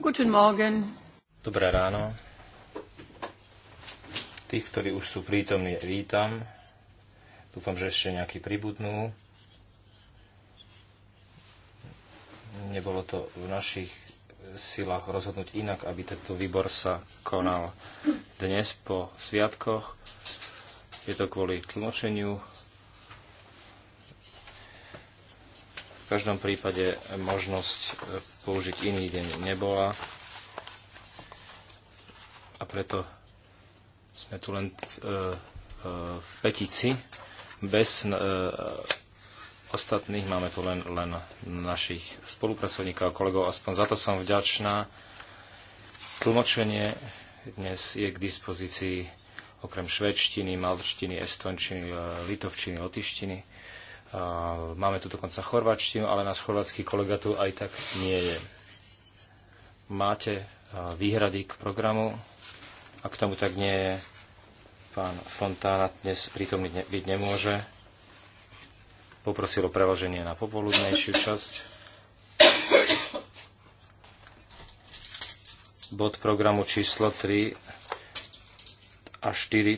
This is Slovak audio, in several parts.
Guten Morgen. Dobré ráno. Tých, ktorí už sú prítomní, vítam. Dúfam, že ešte nejakí pribudnú. Nebolo to v našich silách rozhodnúť inak, aby tento výbor sa konal dnes po sviatkoch. Je to kvôli tlmočeniu každom prípade možnosť e, použiť iný deň nebola a preto sme tu len v, e, e, v petici. Bez ostatných máme tu len, len našich spolupracovníkov a kolegov. Aspoň za to som vďačná. Tlmočenie dnes je k dispozícii okrem švedštiny, malčtiny, estončiny, litovčiny, lotištiny Máme tu dokonca chorvačtinu, ale náš chorvátsky kolega tu aj tak nie je. Máte výhrady k programu? Ak tomu tak nie je, pán Fontána dnes prítomný byť nemôže. Poprosil o preloženie na popoludnejšiu časť. bod programu číslo 3 a 4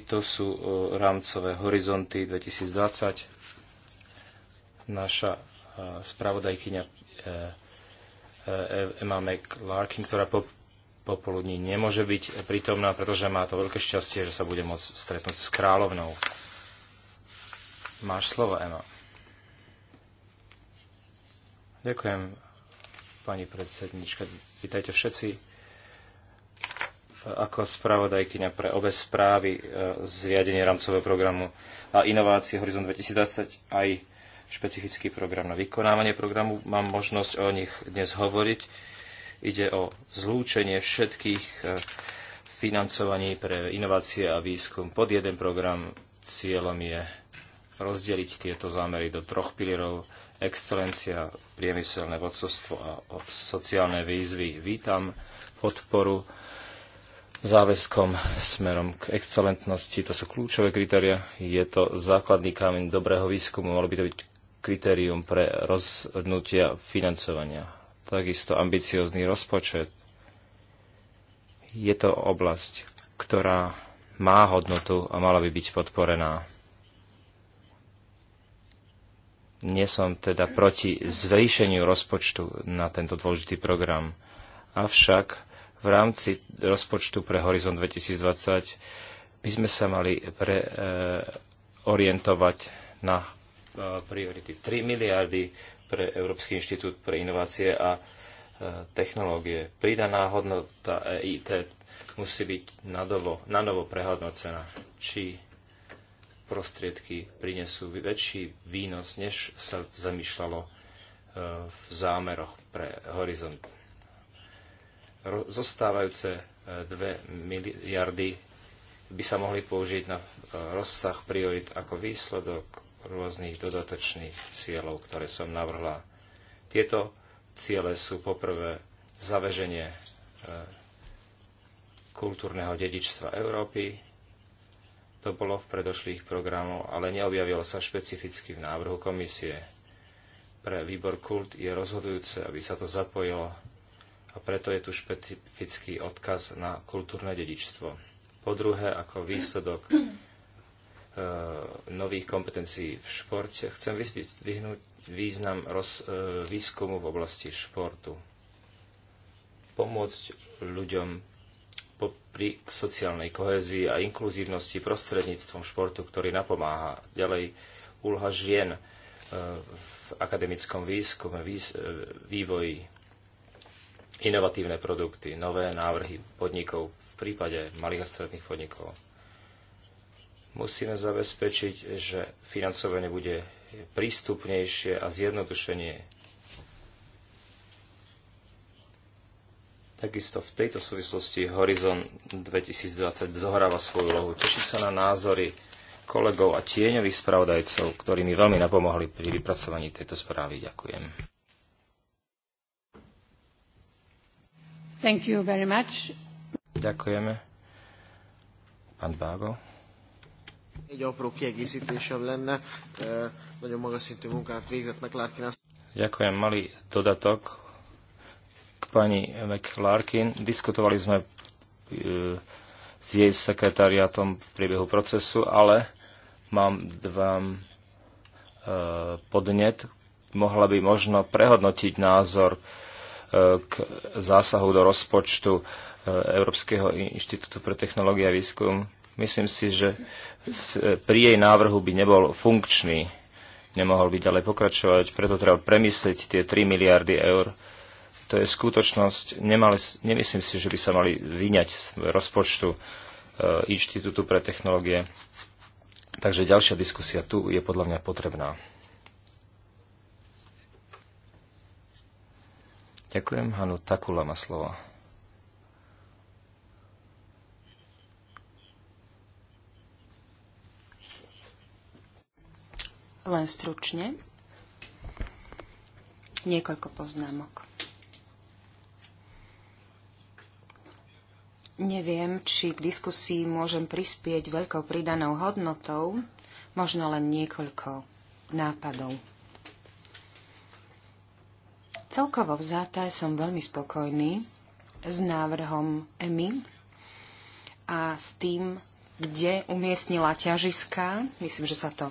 to sú e, rámcové horizonty 2020 naša e, spravodajkyňa e, e, Emma McLarkin, ktorá po, popoludní nemôže byť prítomná, pretože má to veľké šťastie, že sa bude môcť stretnúť s kráľovnou. Máš slovo, Emma. Ďakujem, pani predsednička. Vítajte všetci. Ako spravodajkyňa pre obe správy, zriadenie rámcového programu a inovácie Horizon 2020 aj špecifický program na vykonávanie programu. Mám možnosť o nich dnes hovoriť. Ide o zlúčenie všetkých e, financovaní pre inovácie a výskum pod jeden program. Cieľom je rozdeliť tieto zámery do troch pilierov excelencia, priemyselné vodcovstvo a sociálne výzvy. Vítam podporu záväzkom smerom k excelentnosti. To sú kľúčové kritéria. Je to základný kameň dobrého výskumu. Malo by to byť kritérium pre rozhodnutia financovania. Takisto ambiciózny rozpočet. Je to oblasť, ktorá má hodnotu a mala by byť podporená. Nie som teda proti zvýšeniu rozpočtu na tento dôležitý program. Avšak v rámci rozpočtu pre Horizon 2020 by sme sa mali pre, e, orientovať na priority 3 miliardy pre Európsky inštitút pre inovácie a e, technológie. Pridaná hodnota EIT musí byť nadovo, nanovo prehodnocená, či prostriedky prinesú väčší výnos, než sa zamýšľalo e, v zámeroch pre Horizont. Zostávajúce 2 e, miliardy by sa mohli použiť na rozsah priorit ako výsledok rôznych dodatočných cieľov, ktoré som navrhla. Tieto ciele sú poprvé zaveženie e, kultúrneho dedičstva Európy. To bolo v predošlých programoch, ale neobjavilo sa špecificky v návrhu komisie. Pre výbor kult je rozhodujúce, aby sa to zapojilo a preto je tu špecifický odkaz na kultúrne dedičstvo. Po druhé, ako výsledok E, nových kompetencií v športe, chcem vyzdvihnúť význam roz, e, výskumu v oblasti športu. Pomôcť ľuďom pri sociálnej kohezii a inkluzívnosti prostredníctvom športu, ktorý napomáha. Ďalej úloha žien e, v akademickom výskume, vývoji, inovatívne produkty, nové návrhy podnikov v prípade malých a stredných podnikov Musíme zabezpečiť, že financovanie bude prístupnejšie a zjednodušenie. Takisto v tejto súvislosti Horizon 2020 zohráva svoju lohu. Teším sa na názory kolegov a tieňových spravodajcov, ktorí mi veľmi napomohli pri vypracovaní tejto správy. Ďakujem. Thank you very much. Ďakujeme. Pán Bágo. Egy apró kiegészítésem lenne. Nagyon magas szintű munkát végzett Larkin. Ďakujem, malý dodatok k pani McLarkin. Diskutovali sme s jej sekretariátom v priebehu procesu, ale mám dva podnet. Mohla by možno prehodnotiť názor k zásahu do rozpočtu Európskeho inštitútu pre technológie a výskum Myslím si, že v, pri jej návrhu by nebol funkčný, nemohol by ďalej pokračovať, preto treba premysliť tie 3 miliardy eur. To je skutočnosť, nemali, nemyslím si, že by sa mali vyňať z rozpočtu e, Inštitútu pre technológie. Takže ďalšia diskusia tu je podľa mňa potrebná. Ďakujem, Hanu Takula má slovo. len stručne. Niekoľko poznámok. Neviem, či k diskusii môžem prispieť veľkou pridanou hodnotou, možno len niekoľko nápadov. Celkovo vzaté som veľmi spokojný s návrhom EMI a s tým, kde umiestnila ťažiska. Myslím, že sa to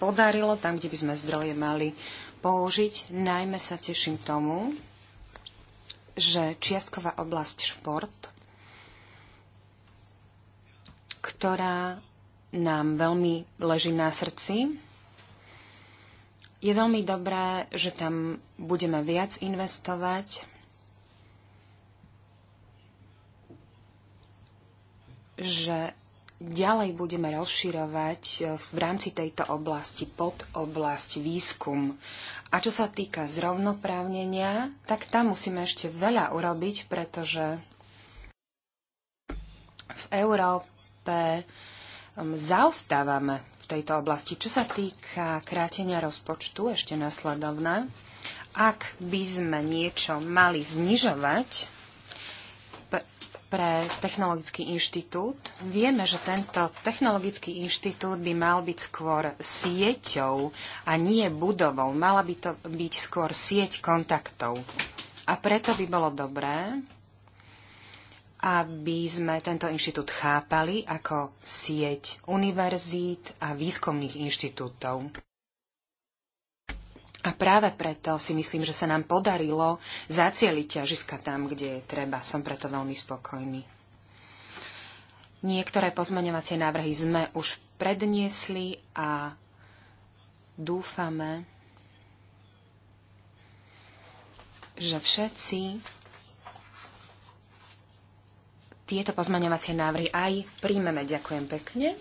podarilo, tam, kde by sme zdroje mali použiť. Najmä sa teším tomu, že čiastková oblasť šport, ktorá nám veľmi leží na srdci, je veľmi dobré, že tam budeme viac investovať, že ďalej budeme rozširovať e, v rámci tejto oblasti pod oblasť výskum. A čo sa týka zrovnoprávnenia, tak tam musíme ešte veľa urobiť, pretože v Európe um, zaostávame v tejto oblasti. Čo sa týka krátenia rozpočtu, ešte nasledovné, ak by sme niečo mali znižovať, pre Technologický inštitút. Vieme, že tento Technologický inštitút by mal byť skôr sieťou a nie budovou. Mala by to byť skôr sieť kontaktov. A preto by bolo dobré, aby sme tento inštitút chápali ako sieť univerzít a výskumných inštitútov. A práve preto si myslím, že sa nám podarilo zacieliť ťažiska tam, kde je treba. Som preto veľmi spokojný. Niektoré pozmeňovacie návrhy sme už predniesli a dúfame, že všetci tieto pozmaňovacie návrhy aj príjmeme. Ďakujem pekne.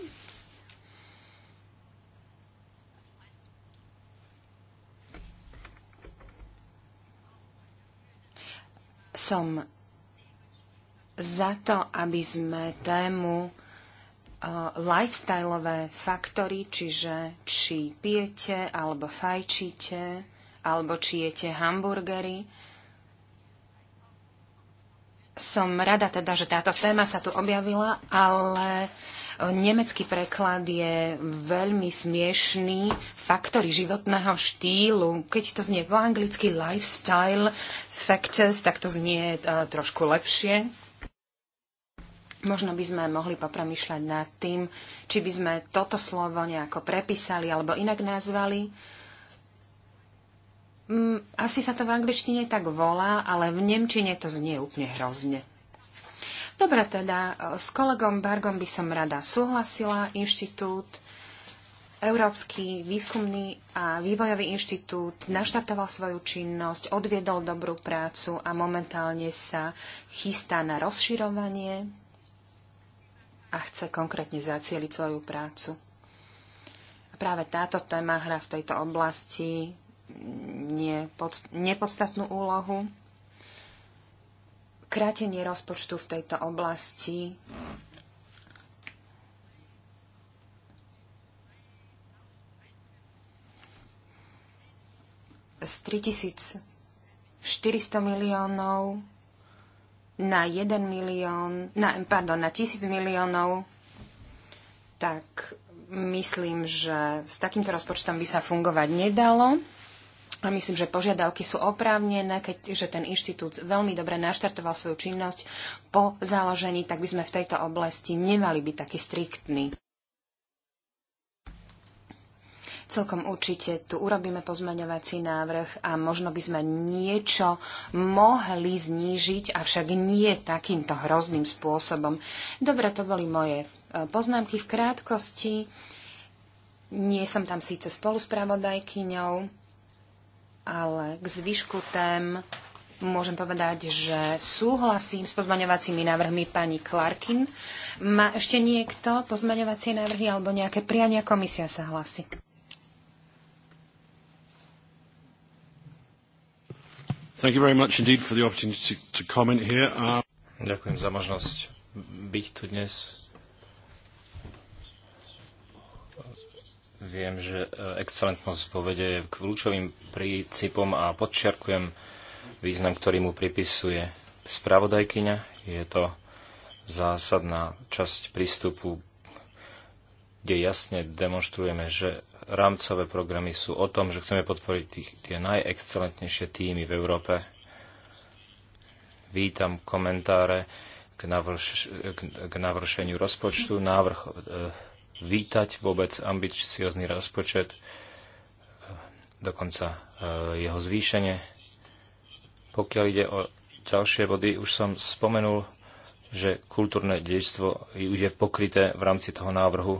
som za to, aby sme tému uh, lifestyleové faktory, čiže či pijete, alebo fajčíte, alebo či jete hamburgery. Som rada teda, že táto téma sa tu objavila, ale Nemecký preklad je veľmi smiešný. Faktory životného štýlu, keď to znie po anglicky lifestyle factors, tak to znie uh, trošku lepšie. Možno by sme mohli popremýšľať nad tým, či by sme toto slovo nejako prepísali alebo inak nazvali. Mm, asi sa to v angličtine tak volá, ale v nemčine to znie úplne hrozne. Dobre teda, e, s kolegom Bargom by som rada súhlasila. Inštitút, Európsky výskumný a vývojový inštitút naštartoval svoju činnosť, odviedol dobrú prácu a momentálne sa chystá na rozširovanie a chce konkrétne zacieliť svoju prácu. A práve táto téma hra v tejto oblasti nepodstatnú úlohu krátenie rozpočtu v tejto oblasti z 3400 miliónov na 1 milión, na, pardon, na 1000 miliónov, tak myslím, že s takýmto rozpočtom by sa fungovať nedalo. A myslím, že požiadavky sú oprávnené, keďže ten inštitút veľmi dobre naštartoval svoju činnosť po založení, tak by sme v tejto oblasti nemali byť takí striktní. Celkom určite tu urobíme pozmeňovací návrh a možno by sme niečo mohli znížiť, avšak nie takýmto hrozným spôsobom. Dobre, to boli moje e, poznámky v krátkosti. Nie som tam síce spoluspravodajkyňou, ale k zvyšku tém môžem povedať, že súhlasím s pozmaňovacími návrhmi pani Clarkin. Má ešte niekto pozmaňovacie návrhy alebo nejaké priania? Komisia sa hlasí. Thank you very much indeed for the opportunity to comment here. Uh... Ďakujem za možnosť byť tu dnes Viem, že e, excelentnosť vo vede je kľúčovým princípom a podčiarkujem význam, ktorý mu pripisuje spravodajkyňa. Je to zásadná časť prístupu, kde jasne demonstrujeme, že rámcové programy sú o tom, že chceme podporiť tých, tie najexcelentnejšie týmy v Európe. Vítam komentáre k, navrš- k, k navršeniu rozpočtu. Návrh e, vítať vôbec ambiciozný rozpočet, dokonca e, jeho zvýšenie. Pokiaľ ide o ďalšie body, už som spomenul, že kultúrne dedičstvo už je pokryté v rámci toho návrhu.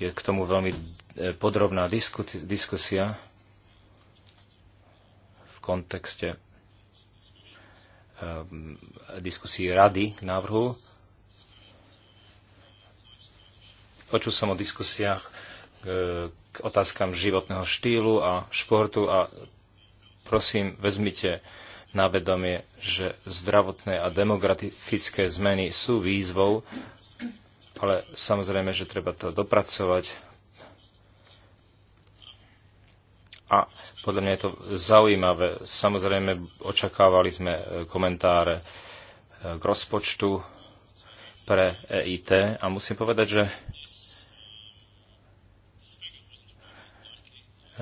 Je k tomu veľmi e, podrobná diskusia v kontekste e, diskusie rady k návrhu Počul som o diskusiách e, k otázkam životného štýlu a športu a prosím, vezmite na vedomie, že zdravotné a demografické zmeny sú výzvou, ale samozrejme, že treba to dopracovať. A podľa mňa je to zaujímavé. Samozrejme, očakávali sme e, komentáre e, k rozpočtu pre EIT a musím povedať, že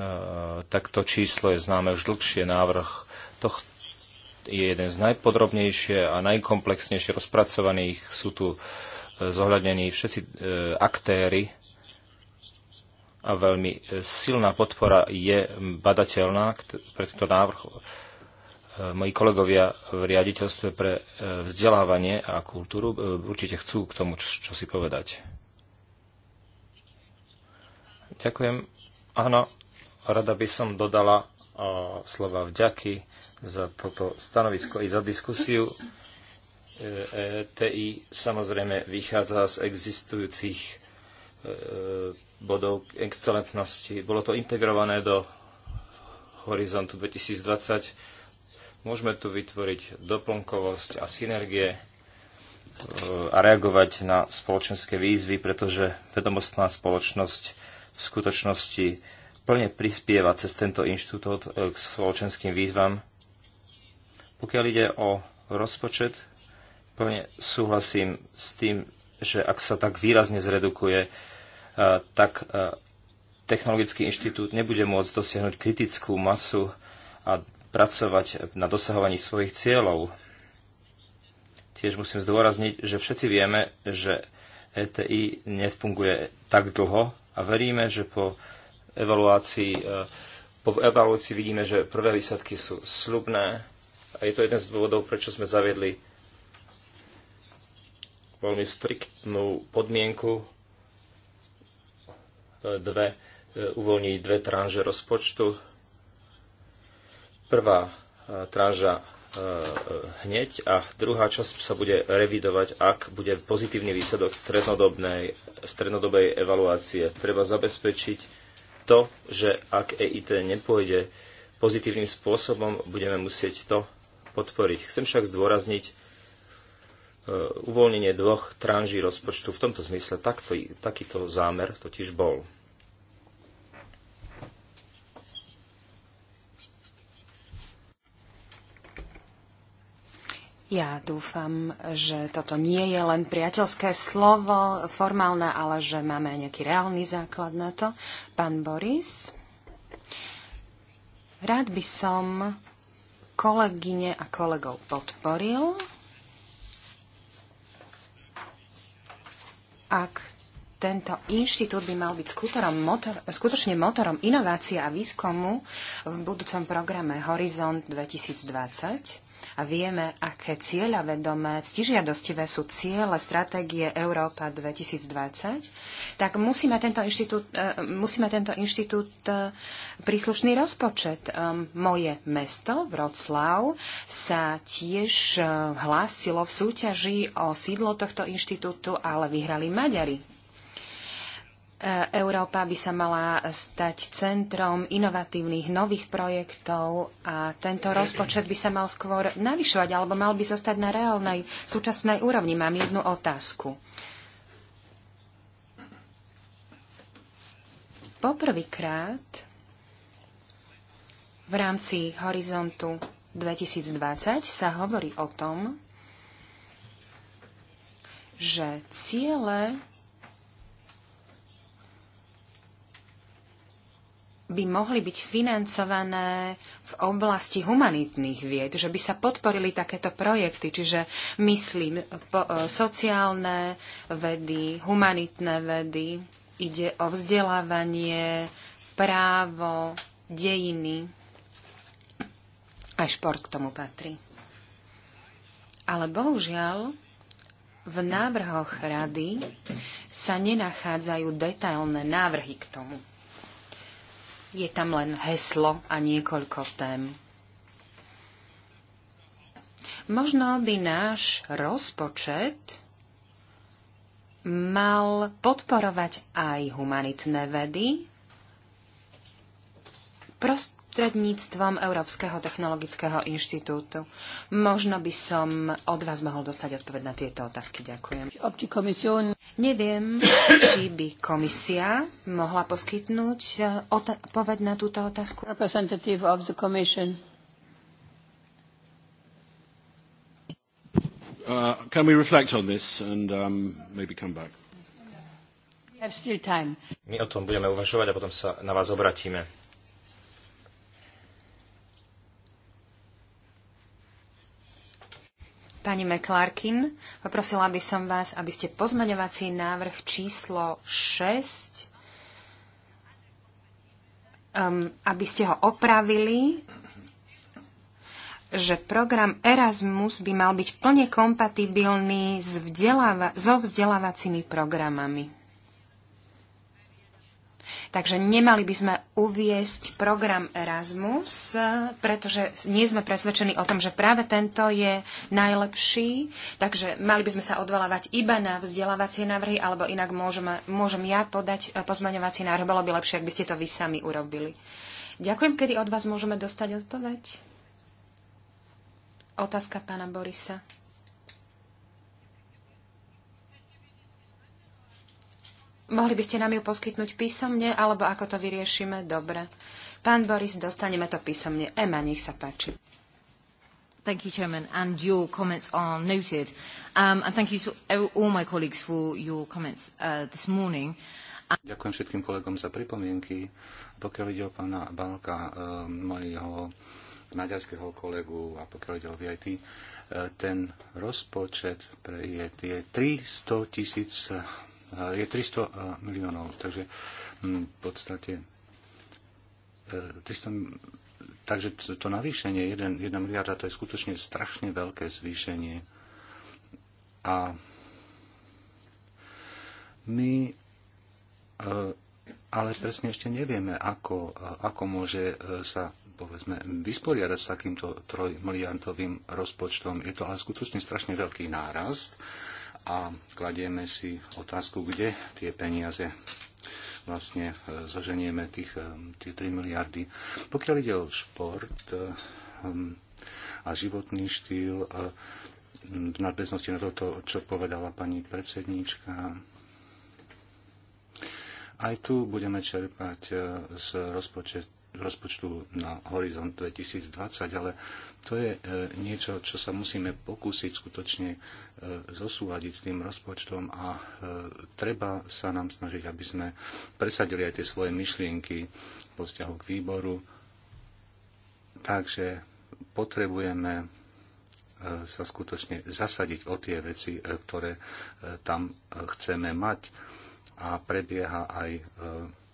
Eh, tak to číslo je známe už dlhšie. Návrh tohto je jeden z najpodrobnejšie a najkomplexnejšie rozpracovaných. Sú tu eh, zohľadnení všetci eh, aktéry a veľmi silná podpora je badateľná pre tento návrh. Moji kolegovia v riaditeľstve pre vzdelávanie a kultúru určite chcú k tomu čo, čo si povedať. Ďakujem. Áno, Rada by som dodala e, slova vďaky za toto stanovisko i za diskusiu. E, e TI samozrejme vychádza z existujúcich bodov excelentnosti. Bolo to integrované do horizontu 2020. Môžeme tu vytvoriť doplnkovosť a synergie a reagovať na spoločenské výzvy, pretože vedomostná spoločnosť v skutočnosti plne prispieva cez tento inštitút e, k spoločenským výzvam. Pokiaľ ide o rozpočet, plne súhlasím s tým, že ak sa tak výrazne zredukuje, e, tak e, Technologický inštitút nebude môcť dosiahnuť kritickú masu a pracovať na dosahovaní svojich cieľov. Tiež musím zdôrazniť, že všetci vieme, že ETI nefunguje tak dlho a veríme, že po evaluácii, e, po evaluácii vidíme, že prvé výsledky sú slubné a je to jeden z dôvodov, prečo sme zaviedli veľmi striktnú podmienku e, dve, e, uvoľniť dve tranže rozpočtu. Prvá tranža hneď a druhá časť sa bude revidovať, ak bude pozitívny výsledok strednodobnej, strednodobej evaluácie. Treba zabezpečiť, to, že ak EIT nepôjde pozitívnym spôsobom, budeme musieť to podporiť. Chcem však zdôrazniť e, uvoľnenie dvoch tranží rozpočtu. V tomto zmysle takto, takýto zámer totiž bol. Ja dúfam, že toto nie je len priateľské slovo formálne, ale že máme aj nejaký reálny základ na to. Pán Boris, rád by som kolegyne a kolegov podporil, ak tento inštitút by mal byť skutorom, motor, skutočne motorom inovácie a výskumu v budúcom programe Horizont 2020 a vieme, aké cieľa vedomé, ctižiadostivé sú ciele stratégie Európa 2020, tak musíme tento inštitút, e, musíme tento inštitút e, príslušný rozpočet. E, moje mesto, Vroclav, sa tiež hlásilo v súťaži o sídlo tohto inštitútu, ale vyhrali Maďari. Európa by sa mala stať centrom inovatívnych nových projektov a tento rozpočet by sa mal skôr navyšovať alebo mal by zostať na reálnej súčasnej úrovni. Mám jednu otázku. Poprvýkrát v rámci horizontu 2020 sa hovorí o tom, že ciele by mohli byť financované v oblasti humanitných vied, že by sa podporili takéto projekty, čiže myslím po, e, sociálne vedy, humanitné vedy, ide o vzdelávanie, právo, dejiny. Aj šport k tomu patrí. Ale bohužiaľ, v návrhoch rady sa nenachádzajú detailné návrhy k tomu. Je tam len heslo a niekoľko tém. Možno by náš rozpočet mal podporovať aj humanitné vedy, prost, prostredníctvom Európskeho technologického inštitútu. Možno by som od vás mohol dostať odpoveď na tieto otázky. Ďakujem. Neviem, či by komisia mohla poskytnúť e, odpoveď na túto otázku. Representative of the commission. Uh, can we reflect on this and um, maybe come back? My o tom budeme uvažovať a potom sa na vás obratíme. Pani McClarkin, poprosila by som vás, aby ste pozmaňovací návrh číslo 6, um, aby ste ho opravili, že program Erasmus by mal byť plne kompatibilný s vzdeláva- so vzdelávacími programami. Takže nemali by sme uviesť program Erasmus, pretože nie sme presvedčení o tom, že práve tento je najlepší, takže mali by sme sa odvolávať iba na vzdelávacie návrhy, alebo inak môžem, môžem ja podať eh, pozmaňovací návrh. Bolo by lepšie, ak by ste to vy sami urobili. Ďakujem, kedy od vás môžeme dostať odpoveď. Otázka pána Borisa. Mohli by ste nám ju poskytnúť písomne, alebo ako to vyriešime? Dobre. Pán Boris, dostaneme to písomne. Ema, nech sa páči. Thank you, Chairman, and your comments are noted. Um, and thank you to all my colleagues for your comments uh, this morning. Um, Ďakujem všetkým kolegom za pripomienky. Pokiaľ ide o pána Balka, um, mojho maďarského kolegu a pokiaľ ide o VIT, uh, ten rozpočet pre je, je 300 tisíc je 300 miliónov, takže mm, v podstate 300, e, takže to, to navýšenie 1, 1 miliarda to je skutočne strašne veľké zvýšenie a my e, ale presne ešte nevieme, ako, e, ako môže sa povedzme, vysporiadať s takýmto trojmiliardovým rozpočtom. Je to ale skutočne strašne veľký nárast a kladieme si otázku, kde tie peniaze vlastne eh, zoženieme tých, eh, tie 3 miliardy. Pokiaľ ide o šport eh, hm, a životný štýl, v nadväznosti na toto, čo povedala pani predsednička, aj tu budeme čerpať z rozpočet rozpočtu na horizont 2020, ale to je e, niečo, čo sa musíme pokúsiť skutočne e, zosúľadiť s tým rozpočtom a e, treba sa nám snažiť, aby sme presadili aj tie svoje myšlienky po vzťahu k výboru. Takže potrebujeme sa skutočne zasadiť o tie veci, ktoré tam chceme mať a prebieha aj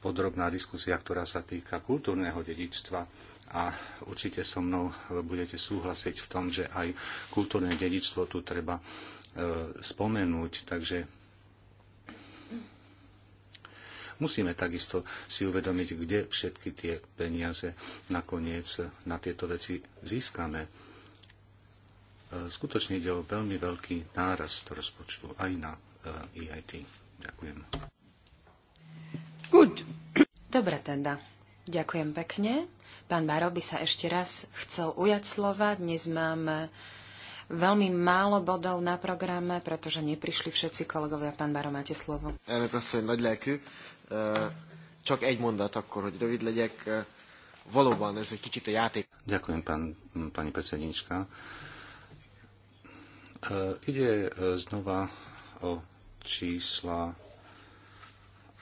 podrobná diskusia, ktorá sa týka kultúrneho dedičstva a určite so mnou budete súhlasiť v tom, že aj kultúrne dedičstvo tu treba e, spomenúť. Takže musíme takisto si uvedomiť, kde všetky tie peniaze nakoniec na tieto veci získame. E, skutočne ide o veľmi veľký nárast rozpočtu aj na EIT. E Ďakujem. Good. Dobre teda. Ďakujem pekne. Pán Baro by sa ešte raz chcel ujať slova. Dnes máme veľmi málo bodov na programe, pretože neprišli všetci kolegovia. Pán Baro, máte slovo. Elnök asszony, nagy lelkű. Csak egy mondat akkor, hogy rövid legyek. Valóban ez egy kicsit a játék. Ďakujem, pán, pani predsednička. Ide znova o čísla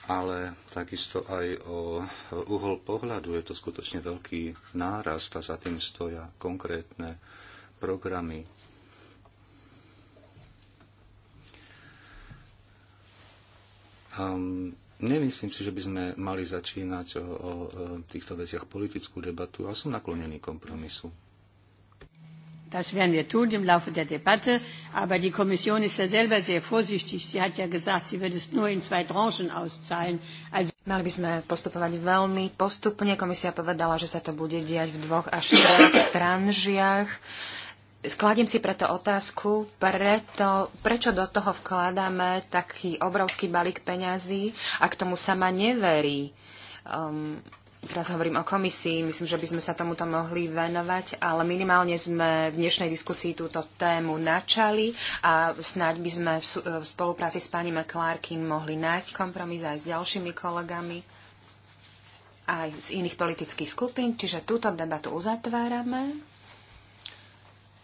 ale takisto aj o uhol pohľadu. Je to skutočne veľký nárast a za tým stoja konkrétne programy. Um, nemyslím si, že by sme mali začínať o, o týchto veciach politickú debatu, ale som naklonený kompromisu. Das werden wir tun im Laufe der Debatte. Aber die Kommission ist ja selber sehr vorsichtig. Sie hat ja gesagt, sie wird es nur in zwei Tranchen auszahlen. Also Mali by sme postupovať veľmi postupne. Komisia povedala, že sa to bude diať v dvoch až troch tranžiach. Skladím si preto otázku, preto, prečo do toho vkladáme taký obrovský balík peňazí a k tomu sama neverí. Um, teraz hovorím o komisii, myslím, že by sme sa tomuto mohli venovať, ale minimálne sme v dnešnej diskusii túto tému načali a snáď by sme v, v spolupráci s pani McClarkin mohli nájsť kompromis aj s ďalšími kolegami aj z iných politických skupín, čiže túto debatu uzatvárame.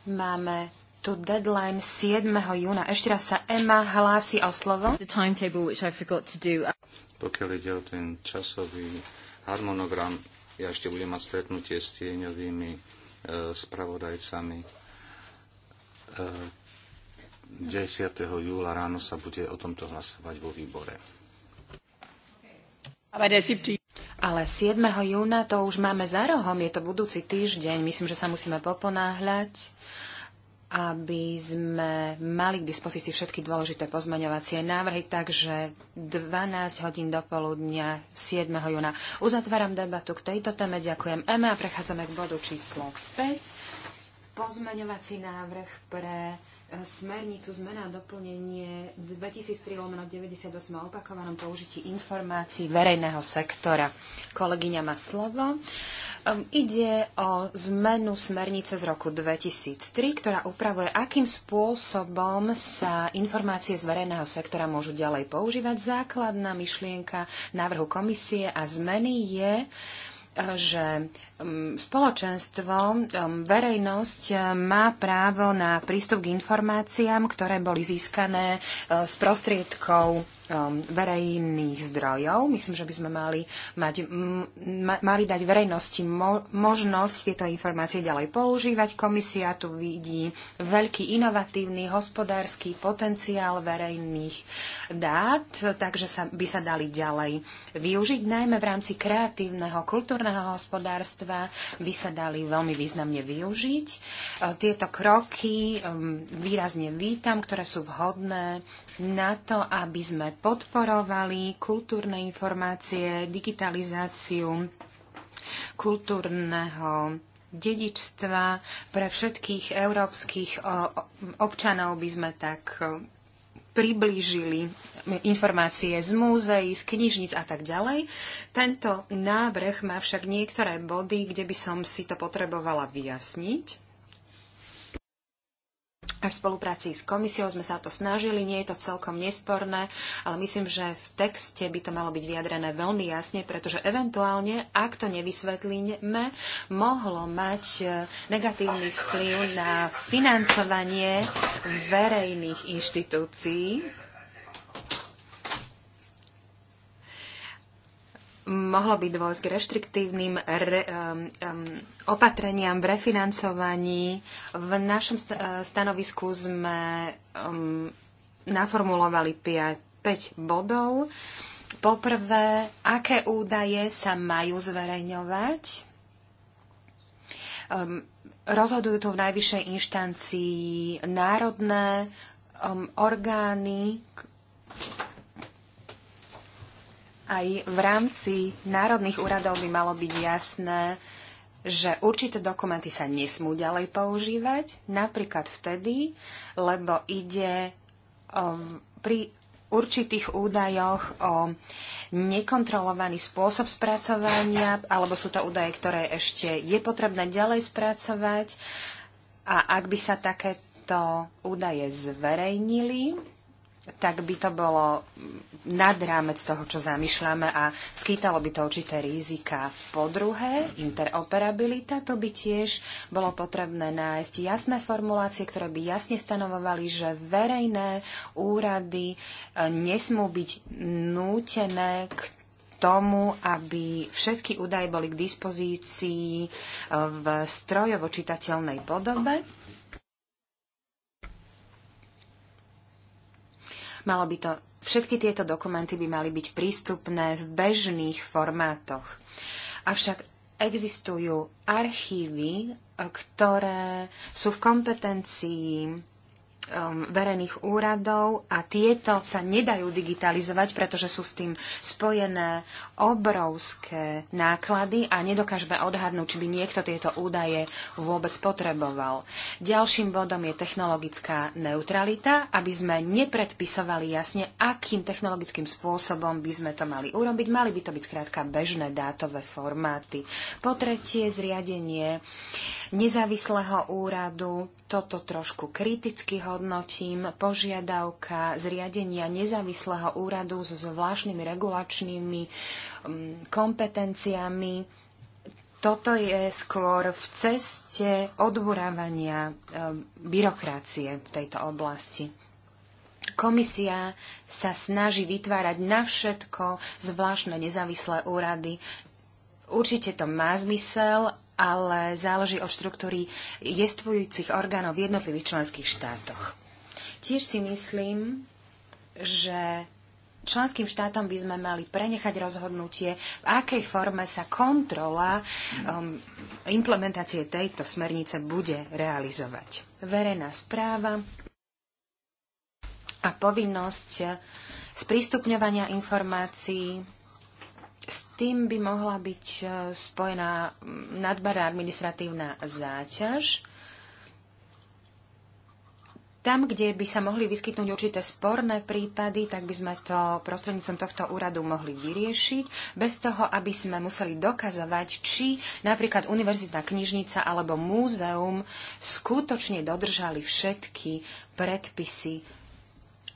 Máme tu deadline 7. júna. Ešte raz sa Emma hlási o slovo. Pokiaľ ide o ten časový harmonogram. Ja ešte budem mať stretnutie s tieňovými e, spravodajcami. E, 10. júla ráno sa bude o tomto hlasovať vo výbore. Ale 7. júna to už máme za rohom, je to budúci týždeň. Myslím, že sa musíme poponáhľať aby sme mali k dispozícii všetky dôležité pozmeňovacie návrhy, takže 12 hodín do poludnia 7. júna. Uzatváram debatu k tejto téme, ďakujem Eme a prechádzame k bodu číslo 5. Pozmeňovací návrh pre e, smernicu zmena a doplnenie 2003-98 o opakovanom použití informácií verejného sektora. Kolegyňa má slovo. Um, ide o zmenu smernice z roku 2003, ktorá upravuje, akým spôsobom sa informácie z verejného sektora môžu ďalej používať. Základná myšlienka návrhu komisie a zmeny je, že Um, spoločenstvo, um, verejnosť um, má právo na prístup k informáciám, ktoré boli získané uh, z prostriedkov verejných zdrojov. Myslím, že by sme mali, mať, mali dať verejnosti mo- možnosť tieto informácie ďalej používať. Komisia tu vidí veľký inovatívny hospodársky potenciál verejných dát, takže sa, by sa dali ďalej využiť, najmä v rámci kreatívneho kultúrneho hospodárstva paliva by sa dali veľmi významne využiť. E, tieto kroky výrazne vítam, ktoré sú vhodné na to, aby sme podporovali kultúrne informácie, digitalizáciu kultúrneho dedičstva pre všetkých európskych občanov by sme tak priblížili informácie z múzeí, z knižnic a tak ďalej. Tento návrh má však niektoré body, kde by som si to potrebovala vyjasniť. A v spolupráci s komisiou sme sa to snažili, nie je to celkom nesporné, ale myslím, že v texte by to malo byť vyjadrené veľmi jasne, pretože eventuálne, ak to nevysvetlíme, mohlo mať e, negatívny vplyv na financovanie verejných inštitúcií mohlo byť dôjsť k reštriktívnym re, um, um, opatreniam v refinancovaní. V našom st- eh, stanovisku sme um, naformulovali 5, bodov. Poprvé, aké údaje sa majú zverejňovať? Um, rozhodujú to v najvyššej inštancii národné um, orgány, aj v rámci národných úradov by malo byť jasné, že určité dokumenty sa nesmú ďalej používať, napríklad vtedy, lebo ide o, pri určitých údajoch o nekontrolovaný spôsob spracovania, alebo sú to údaje, ktoré ešte je potrebné ďalej spracovať. A ak by sa takéto údaje zverejnili, tak by to bolo nad rámec toho, čo zamýšľame a skýtalo by to určité rizika. Po druhé, interoperabilita, to by tiež bolo potrebné nájsť jasné formulácie, ktoré by jasne stanovovali, že verejné úrady e, nesmú byť nútené k tomu, aby všetky údaje boli k dispozícii e, v strojovočitateľnej podobe. Malo by to, všetky tieto dokumenty by mali byť prístupné v bežných formátoch. Avšak existujú archívy, ktoré sú v kompetencii um, verejných úradov a tieto sa nedajú digitalizovať, pretože sú s tým spojené obrovské náklady a nedokážeme odhadnúť, či by niekto tieto údaje vôbec potreboval. Ďalším bodom je technologická neutralita, aby sme nepredpisovali jasne, akým technologickým spôsobom by sme to mali urobiť. Mali by to byť skrátka bežné dátové formáty. Po tretie, zriadenie nezávislého úradu. Toto trošku kriticky hodnotí vyhodnotím požiadavka zriadenia nezávislého úradu so zvláštnymi regulačnými mm, kompetenciami. Toto je skôr v ceste odburávania e, byrokracie v tejto oblasti. Komisia sa snaží vytvárať na všetko zvláštne nezávislé úrady. Určite to má zmysel, ale záleží od štruktúry jestvujúcich orgánov v jednotlivých členských štátoch. Tiež si myslím, že členským štátom by sme mali prenechať rozhodnutie, v akej forme sa kontrola um, implementácie tejto smernice bude realizovať. Verejná správa a povinnosť sprístupňovania informácií s tým by mohla byť e, spojená nadbará administratívna záťaž. Tam, kde by sa mohli vyskytnúť určité sporné prípady, tak by sme to prostredníctvom tohto úradu mohli vyriešiť, bez toho, aby sme museli dokazovať, či napríklad univerzitná knižnica alebo múzeum skutočne dodržali všetky predpisy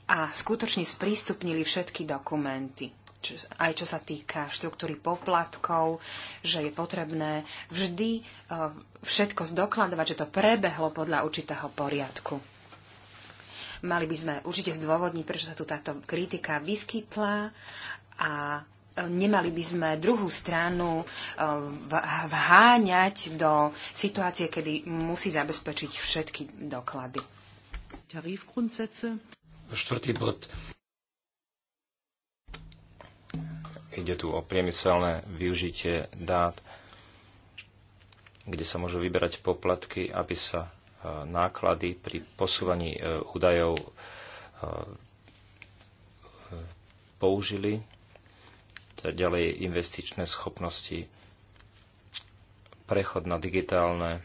a skutočne sprístupnili všetky dokumenty čo, aj čo sa týka štruktúry poplatkov, že je potrebné vždy e, všetko zdokladovať, že to prebehlo podľa určitého poriadku. Mali by sme určite zdôvodniť, prečo sa tu táto kritika vyskytla a e, nemali by sme druhú stranu e, vháňať do situácie, kedy musí zabezpečiť všetky doklady. Štvrtý bod Ide tu o priemyselné využitie dát, kde sa môžu vyberať poplatky, aby sa e, náklady pri posúvaní e, údajov e, použili. Teda ďalej investičné schopnosti, prechod na digitálne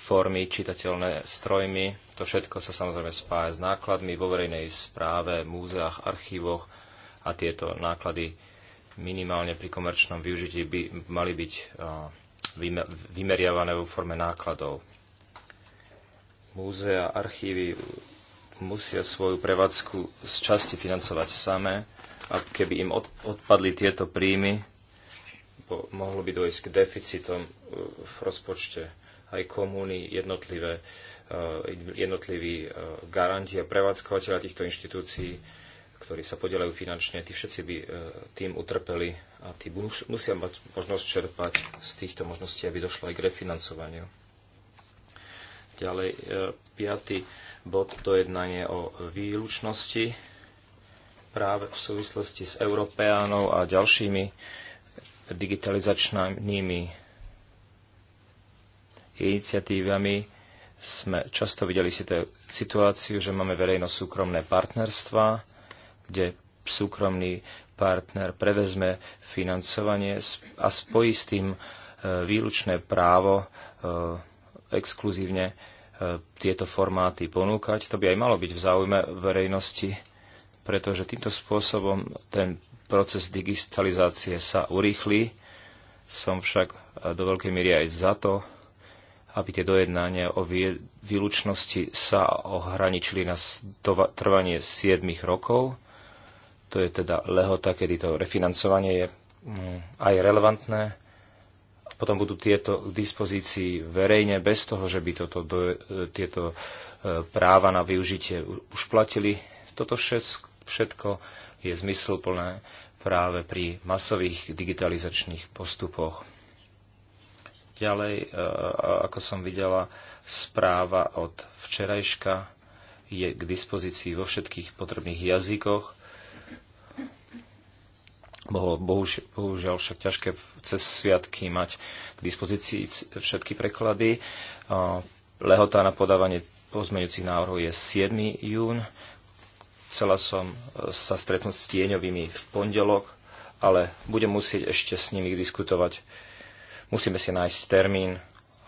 formy čitateľné strojmi. To všetko sa samozrejme spája s nákladmi vo verejnej správe, múzeách, archívoch, a tieto náklady minimálne pri komerčnom využití by mali byť vymeriavané vo forme nákladov. Múzea, archívy musia svoju prevádzku z časti financovať samé a keby im odpadli tieto príjmy, mohlo by dojsť k deficitom e, v rozpočte aj komúny, jednotlivé, e, jednotliví e, garanti a prevádzkovateľa týchto inštitúcií ktorí sa podelajú finančne, tí všetci by e, tým utrpeli a tí musia mať možnosť čerpať z týchto možností, aby došlo aj k refinancovaniu. Ďalej, e, piatý bod to jednanie o výlučnosti práve v súvislosti s Európeánov a ďalšími digitalizačnými iniciatívami sme často videli situáciu, že máme verejno-súkromné partnerstva, kde súkromný partner prevezme financovanie a spojí s tým e, výlučné právo e, exkluzívne e, tieto formáty ponúkať. To by aj malo byť v záujme verejnosti, pretože týmto spôsobom ten proces digitalizácie sa urýchli. Som však do veľkej miery aj za to, aby tie dojednania o výlučnosti sa ohraničili na trvanie 7 rokov to je teda lehota, kedy to refinancovanie je mm, aj relevantné. Potom budú tieto k dispozícii verejne, bez toho, že by toto, do, e, tieto e, práva na využitie už platili. Toto všetko je zmyslplné práve pri masových digitalizačných postupoch. Ďalej, e, ako som videla, správa od včerajška je k dispozícii vo všetkých potrebných jazykoch bolo bohuž, bohužiaľ však ťažké cez sviatky mať k dispozícii všetky preklady. Lehota na podávanie pozmeňujúcich návrhov je 7. jún. Chcela som e, sa stretnúť s tieňovými v pondelok, ale budem musieť ešte s nimi diskutovať. Musíme si nájsť termín.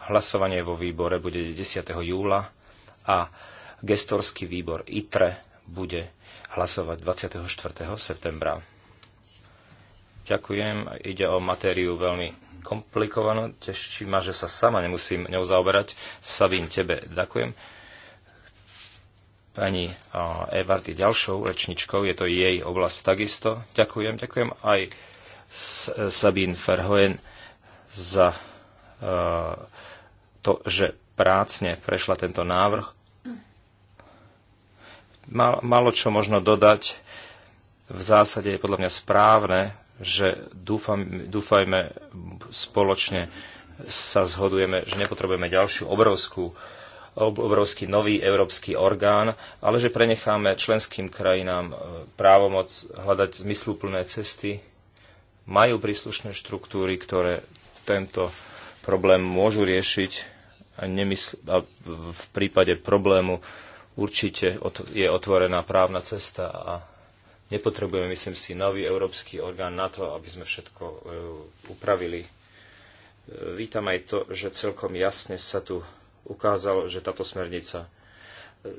Hlasovanie vo výbore bude 10. júla a gestorský výbor ITRE bude hlasovať 24. septembra. Ďakujem. Ide o matériu veľmi komplikovanú. Teší ma, že sa sama nemusím ňou zaoberať. Savín, tebe ďakujem. Pani Evart je ďalšou rečničkou, je to jej oblasť takisto. Ďakujem, ďakujem aj Sabín Verhoen za to, že prácne prešla tento návrh. Malo čo možno dodať. V zásade je podľa mňa správne, že dúfam, dúfajme spoločne sa zhodujeme, že nepotrebujeme ďalšiu obrovskú obrovský nový európsky orgán, ale že prenecháme členským krajinám e, právomoc hľadať zmysluplné cesty. Majú príslušné štruktúry, ktoré tento problém môžu riešiť a, nemysl- a v prípade problému určite je otvorená právna cesta a Nepotrebujeme, myslím si, nový európsky orgán na to, aby sme všetko e, upravili. E, vítam aj to, že celkom jasne sa tu ukázalo, že táto smernica e,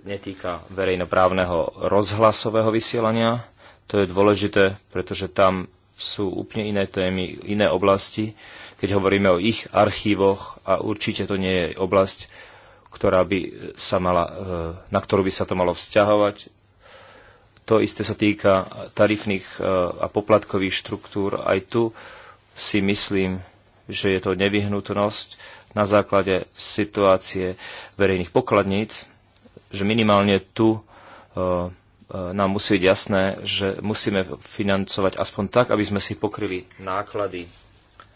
netýka verejnoprávneho rozhlasového vysielania. To je dôležité, pretože tam sú úplne iné témy, iné oblasti, keď hovoríme o ich archívoch a určite to nie je oblasť, ktorá by sa mala, na ktorú by sa to malo vzťahovať to isté sa týka tarifných e, a poplatkových štruktúr. Aj tu si myslím, že je to nevyhnutnosť na základe situácie verejných pokladníc, že minimálne tu e, e, nám musí byť jasné, že musíme financovať aspoň tak, aby sme si pokryli náklady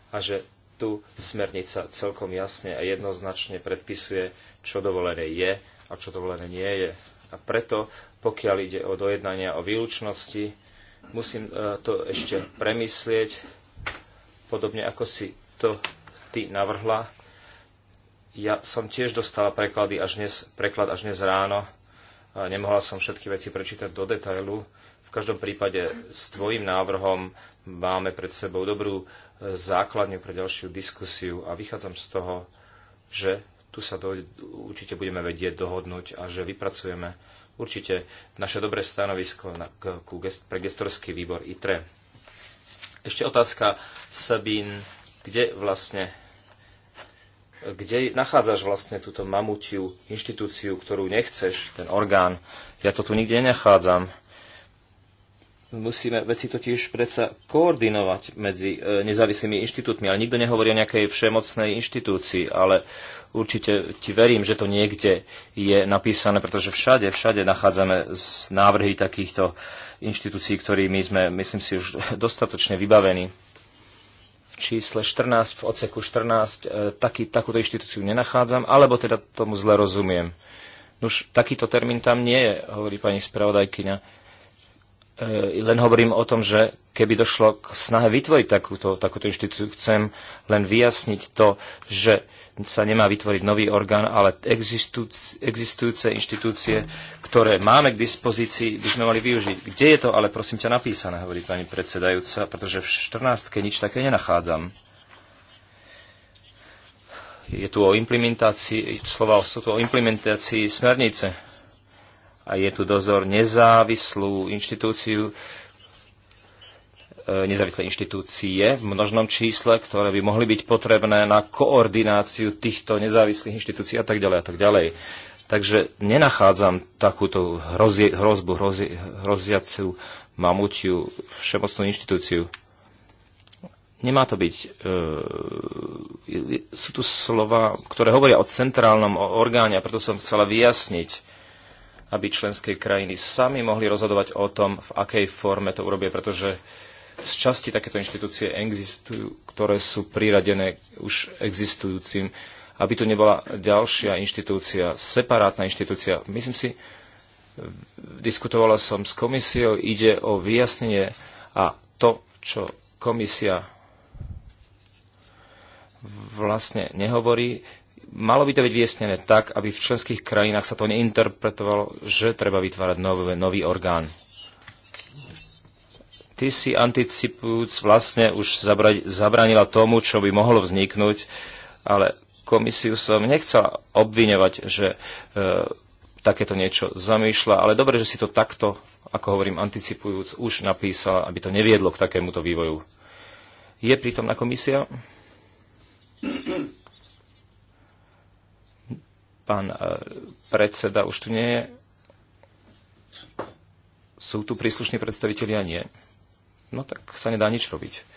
a že tu smernica celkom jasne a jednoznačne predpisuje, čo dovolené je a čo dovolené nie je. A preto pokiaľ ide o dojednania o výlučnosti, musím e, to ešte premyslieť, podobne ako si to ty navrhla. Ja som tiež dostala preklady až dnes, preklad až dnes ráno. E, nemohla som všetky veci prečítať do detailu. V každom prípade s tvojim návrhom máme pred sebou dobrú e, základňu pre ďalšiu diskusiu a vychádzam z toho, že tu sa do, určite budeme vedieť dohodnúť a že vypracujeme určite naše dobré stanovisko na, k, k, pre gestorský výbor ITRE. Ešte otázka, Sabín, kde vlastne kde nachádzaš vlastne túto mamutiu inštitúciu, ktorú nechceš, ten orgán? Ja to tu nikde nenachádzam. Musíme veci totiž predsa koordinovať medzi e, nezávislými inštitútmi, ale nikto nehovorí o nejakej všemocnej inštitúcii, ale určite ti verím, že to niekde je napísané, pretože všade, všade nachádzame návrhy takýchto inštitúcií, ktorými sme, myslím si, už dostatočne vybavení. V čísle 14, v oceku 14, e, taký, takúto inštitúciu nenachádzam, alebo teda tomu zle rozumiem. Už takýto termín tam nie je, hovorí pani spravodajkyňa E, len hovorím o tom, že keby došlo k snahe vytvoriť takúto, takúto inštitúciu, chcem len vyjasniť to, že sa nemá vytvoriť nový orgán, ale existujúce inštitúcie, ktoré máme k dispozícii, by sme mali využiť. Kde je to ale, prosím ťa, napísané, hovorí pani predsedajúca, pretože v 14. nič také nenachádzam. Je tu o implementácii, slova sú tu o implementácii smernice a je tu dozor nezávislú inštitúciu, e, nezávislé inštitúcie v množnom čísle, ktoré by mohli byť potrebné na koordináciu týchto nezávislých inštitúcií a tak ďalej a tak ďalej. Takže nenachádzam takúto hrozie, hrozbu, hrozie, hroziacu mamutiu všemocnú inštitúciu. Nemá to byť. E, sú tu slova, ktoré hovoria o centrálnom orgáne a preto som chcela vyjasniť, aby členské krajiny sami mohli rozhodovať o tom, v akej forme to urobia, pretože z časti takéto inštitúcie existujú, ktoré sú priradené už existujúcim, aby tu nebola ďalšia inštitúcia, separátna inštitúcia. Myslím si, diskutovala som s komisiou, ide o vyjasnenie a to, čo komisia vlastne nehovorí, malo by to byť vyjasnené tak, aby v členských krajinách sa to neinterpretovalo, že treba vytvárať nový, nový orgán. Ty si anticipujúc vlastne už zabranila tomu, čo by mohlo vzniknúť, ale komisiu som nechcela obviňovať, že e, takéto niečo zamýšľa, ale dobre, že si to takto, ako hovorím, anticipujúc, už napísala, aby to neviedlo k takémuto vývoju. Je prítomná komisia? Pán e, predseda už tu nie je. Sú tu príslušní predstavitelia? Nie. No tak sa nedá nič robiť.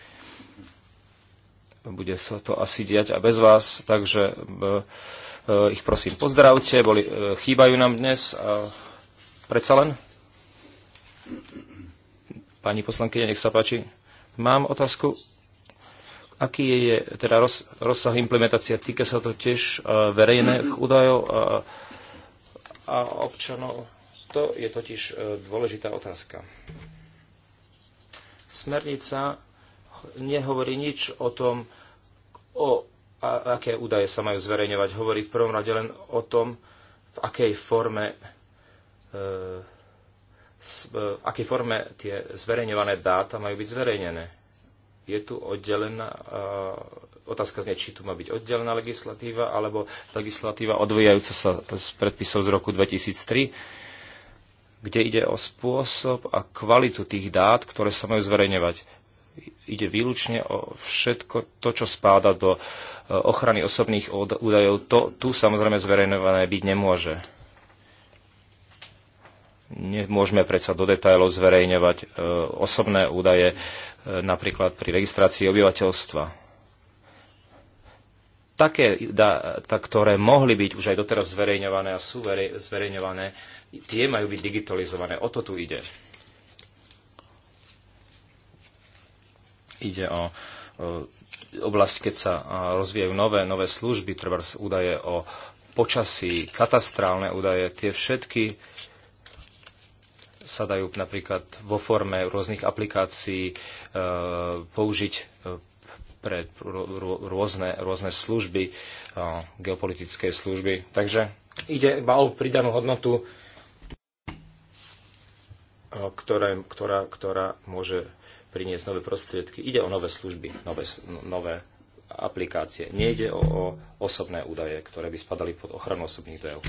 Bude sa to asi diať a bez vás, takže e, e, ich prosím pozdravte, boli, chýbajú nám dnes. A predsa len? Pani poslankyňa, nech sa páči. Mám otázku Aký je teda roz, rozsah implementácia? Týka sa to tiež e, verejných údajov a, a občanov? To je totiž e, dôležitá otázka. Smernica nehovorí nič o tom, o a, aké údaje sa majú zverejňovať. Hovorí v prvom rade len o tom, v akej forme Uh, v akej forme tie zverejňované dáta majú byť zverejnené je tu oddelená, eh, otázka znie, či tu má byť oddelená legislatíva, alebo legislatíva odvíjajúca sa z predpisov z roku 2003, kde ide o spôsob a kvalitu tých dát, ktoré sa majú zverejňovať. Ide výlučne o všetko to, čo spáda do eh, ochrany osobných údajov. To tu samozrejme zverejňované byť nemôže. Nemôžeme predsa do detajlov zverejňovať eh, osobné údaje napríklad pri registrácii obyvateľstva. Také dáta, ktoré mohli byť už aj doteraz zverejňované a sú zverejňované, tie majú byť digitalizované. O to tu ide. Ide o oblasť, keď sa rozvíjajú nové, nové služby, treba údaje o počasí, katastrálne údaje, tie všetky sa dajú napríklad vo forme rôznych aplikácií e, použiť e, pre rôzne, rôzne služby, e, geopolitické služby. Takže ide iba o pridanú hodnotu, e, ktorá, ktorá, ktorá môže priniesť nové prostriedky. Ide o nové služby, nové, nové aplikácie. Nejde o, o osobné údaje, ktoré by spadali pod ochranu osobných údajov.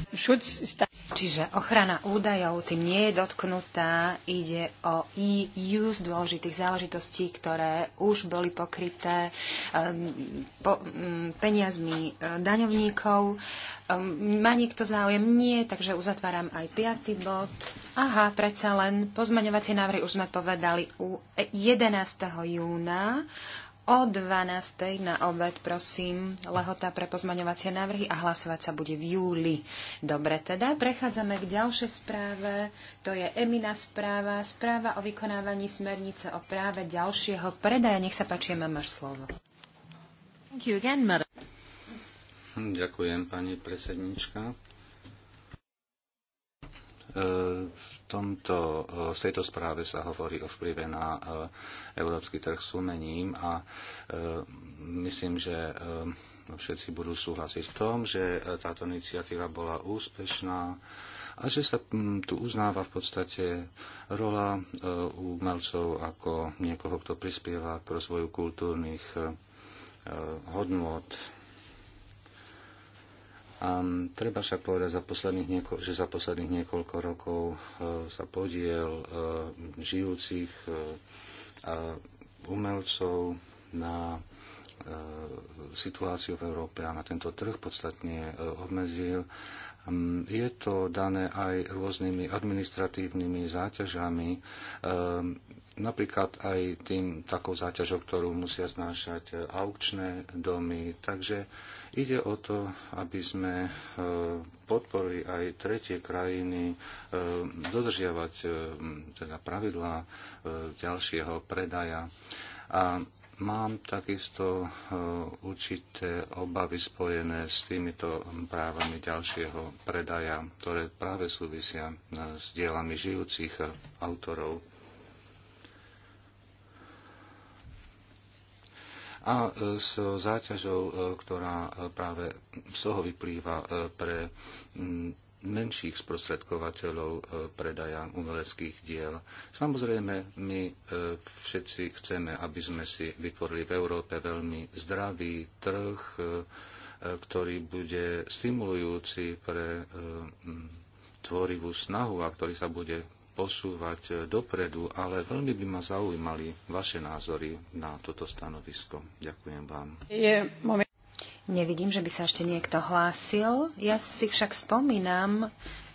Čiže ochrana údajov tým nie je dotknutá, ide o e-use dôležitých záležitostí, ktoré už boli pokryté um, po, um, peniazmi um, daňovníkov. Ehm, má niekto záujem? Nie, takže uzatváram aj piatý bod. Aha, predsa len pozmaňovacie návrhy už sme povedali u 11. E- júna o 12. na obed, prosím, lehota pre pozmaňovacie návrhy a hlasovať sa bude v júli. Dobre, teda prechádzame k ďalšej správe. To je Emina správa, správa o vykonávaní smernice o práve ďalšieho predaja. Nech sa páči, mám máš slovo. Again, Ďakujem, pani predsednička v, tomto, v tejto správe sa hovorí o vplyve na e, európsky trh s umením a e, myslím, že e, všetci budú súhlasiť v tom, že táto iniciatíva bola úspešná a že sa tu uznáva v podstate rola umelcov ako niekoho, kto prispieva k rozvoju kultúrnych hodnot a treba však povedať, za posledných nieko- že za posledných niekoľko rokov e, sa podiel e, žijúcich e, umelcov na situáciu v Európe a na tento trh podstatne uh, obmedzil. je to dané aj rôznymi administratívnymi záťažami. napríklad aj tým takou záťažou, ktorú musia znášať aukčné domy. Takže Ide o to, aby sme e, podporili aj tretie krajiny e, dodržiavať e, teda pravidlá ďalšieho predaja. A Mám takisto určité obavy spojené s týmito právami ďalšieho predaja, ktoré práve súvisia s dielami žijúcich autorov. a e, s záťažou, e, ktorá e, práve z toho vyplýva pre menších sprostredkovateľov predaja umeleckých diel. Samozrejme, my všetci chceme, aby sme si vytvorili v Európe veľmi zdravý trh, ktorý bude stimulujúci pre tvorivú snahu a ktorý sa bude posúvať eh, dopredu, ale veľmi by ma zaujímali vaše názory na toto stanovisko. Ďakujem vám. Je, moment. Nevidím, že by sa ešte niekto hlásil. Ja si však spomínam,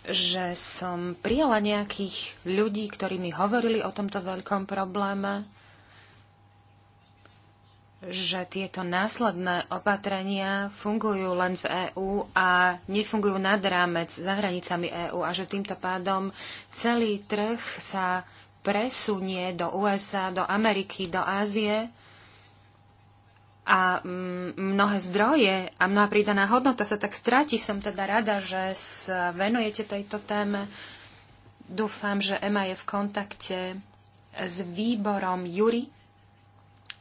že som prijala nejakých ľudí, ktorí mi hovorili o tomto veľkom probléme že tieto následné opatrenia fungujú len v EÚ a nefungujú nad rámec za hranicami EÚ a že týmto pádom celý trh sa presunie do USA, do Ameriky, do Ázie a mm, mnohé zdroje a mnoha pridaná hodnota sa tak stráti. Som teda rada, že sa venujete tejto téme. Dúfam, že Ema je v kontakte s výborom Jury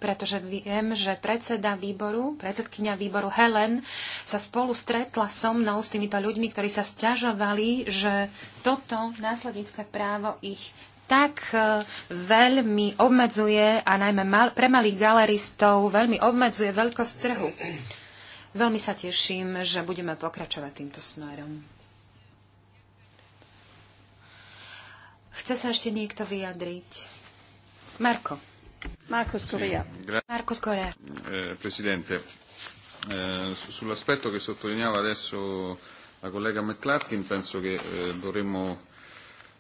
pretože viem, že predseda výboru, predsedkynia výboru Helen sa spolu stretla so mnou s týmito ľuďmi, ktorí sa stiažovali, že toto následnícke právo ich tak e, veľmi obmedzuje a najmä mal, pre malých galeristov veľmi obmedzuje veľkosť trhu. Veľmi sa teším, že budeme pokračovať týmto smerom. Chce sa ešte niekto vyjadriť? Marko. Eh, Presidente, eh, sull'aspetto che sottolineava adesso la collega McClarkin penso che eh, dovremmo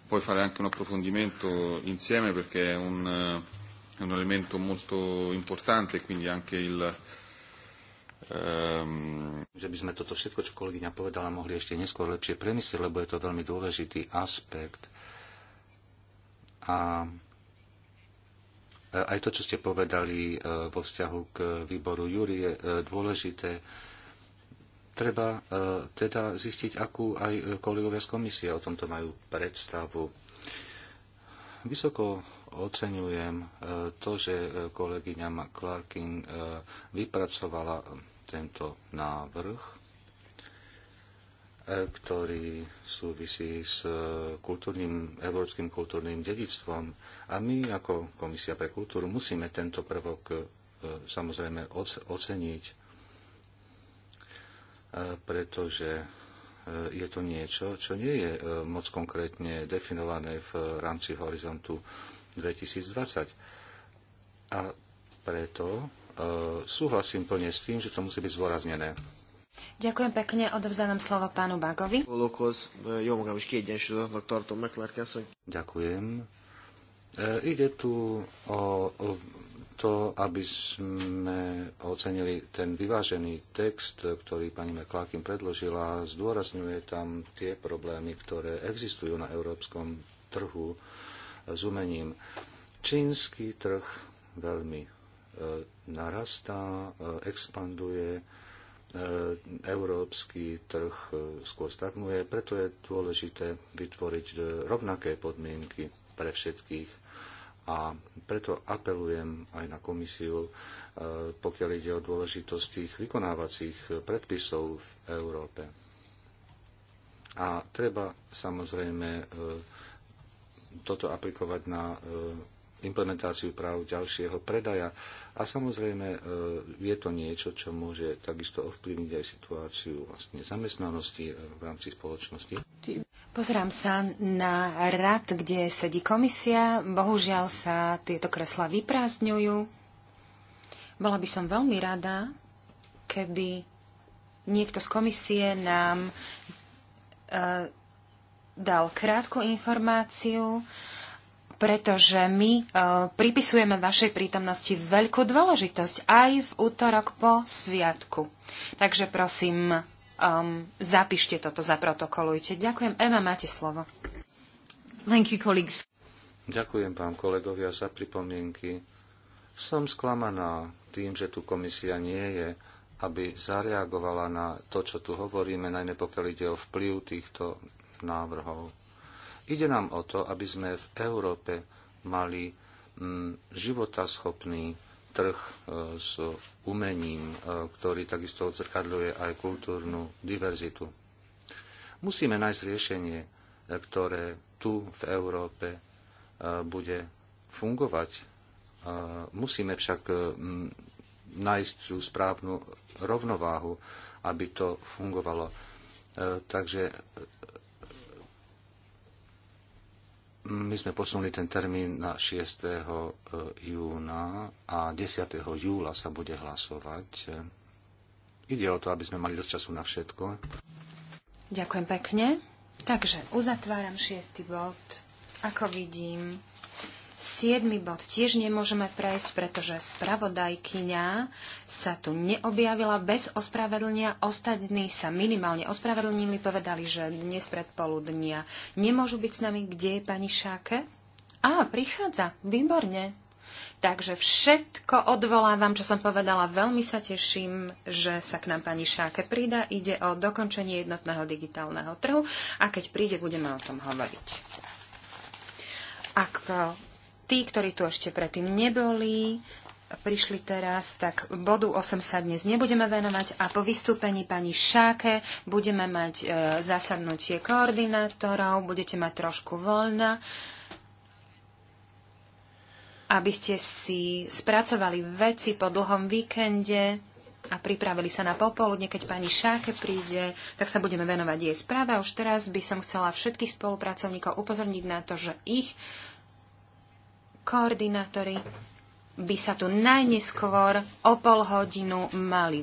poi fare anche un approfondimento insieme perché è un, eh, è un elemento molto importante e quindi anche il... Ehm, Že by sme toto všetko, čo kolegyňa povedala, mohli ešte neskôr lepšie premyslieť, lebo je to veľmi dôležitý aspekt. A aj to, čo ste povedali e, vo vzťahu k výboru Júri, je e, dôležité. Treba e, teda zistiť, akú aj kolegovia z komisie o tomto majú predstavu. Vysoko oceňujem to, že kolegyňa McClarkin vypracovala tento návrh E, ktorý súvisí s e, kultúrnym, európskym kultúrnym dedictvom. A my ako Komisia pre kultúru musíme tento prvok e, samozrejme oceniť, pretože je to niečo, čo nie je moc konkrétne definované v rámci horizontu 2020. A preto súhlasím plne s tým, že to musí byť zdôraznené. Ďakujem pekne, odovzdávam slovo pánu Bagovi. E, Ďakujem. E, ide tu o, o to, aby sme ocenili ten vyvážený text, ktorý pani McClarkin predložila. Zdôrazňuje tam tie problémy, ktoré existujú na európskom trhu e, s umením. Čínsky trh veľmi e, narastá, expanduje E, európsky trh e, skôr stagnuje, preto je dôležité vytvoriť e, rovnaké podmienky pre všetkých. A preto apelujem aj na komisiu, pokiaľ ide o dôležitosť tých vykonávacích predpisov v Európe. A treba samozrejme toto aplikovať na implementáciu práv ďalšieho predaja. A samozrejme e, je to niečo, čo môže takisto ovplyvniť aj situáciu vlastne zamestnanosti e, v rámci spoločnosti. Pozrám sa na rad, kde sedí komisia. Bohužiaľ sa tieto kresla vyprázdňujú. Bola by som veľmi rada, keby niekto z komisie nám e, dal krátku informáciu pretože my e, pripisujeme vašej prítomnosti veľkú dôležitosť aj v útorok po sviatku. Takže prosím, um, zapíšte toto, zaprotokolujte. Ďakujem. Eva, máte slovo. Thank you, colleagues. Ďakujem vám, kolegovia, za pripomienky. Som sklamaná tým, že tu komisia nie je, aby zareagovala na to, čo tu hovoríme, najmä pokiaľ ide o vplyv týchto návrhov Ide nám o to, aby sme v Európe mali mm, životaschopný trh e, s umením, e, ktorý takisto odzrkadľuje aj kultúrnu diverzitu. Musíme nájsť riešenie, e, ktoré tu v Európe bude fungovať. Musíme však nájsť tú správnu rovnováhu, aby to fungovalo. Takže my sme posunuli ten termín na 6. Eh, júna a 10. júla sa bude hlasovať. Ide o to, aby sme mali dosť času na všetko. Ďakujem pekne. Takže uzatváram 6. bod. Ako vidím, Siedmy bod tiež nemôžeme prejsť, pretože spravodajkyňa sa tu neobjavila bez ospravedlnia. Ostatní sa minimálne ospravedlnili, povedali, že dnes predpoludnia nemôžu byť s nami. Kde je pani Šáke? Á, prichádza. Výborne. Takže všetko odvolávam, čo som povedala. Veľmi sa teším, že sa k nám pani Šáke prída. Ide o dokončenie jednotného digitálneho trhu a keď príde, budeme o tom hovoriť. Ak tí, ktorí tu ešte predtým neboli, prišli teraz, tak bodu 8 sa dnes nebudeme venovať a po vystúpení pani Šáke budeme mať e, zasadnutie koordinátorov, budete mať trošku voľna, aby ste si spracovali veci po dlhom víkende a pripravili sa na popoludne, keď pani Šáke príde, tak sa budeme venovať jej správe. Už teraz by som chcela všetkých spolupracovníkov upozorniť na to, že ich Koordinátori by sa tu najneskôr o pol hodinu mali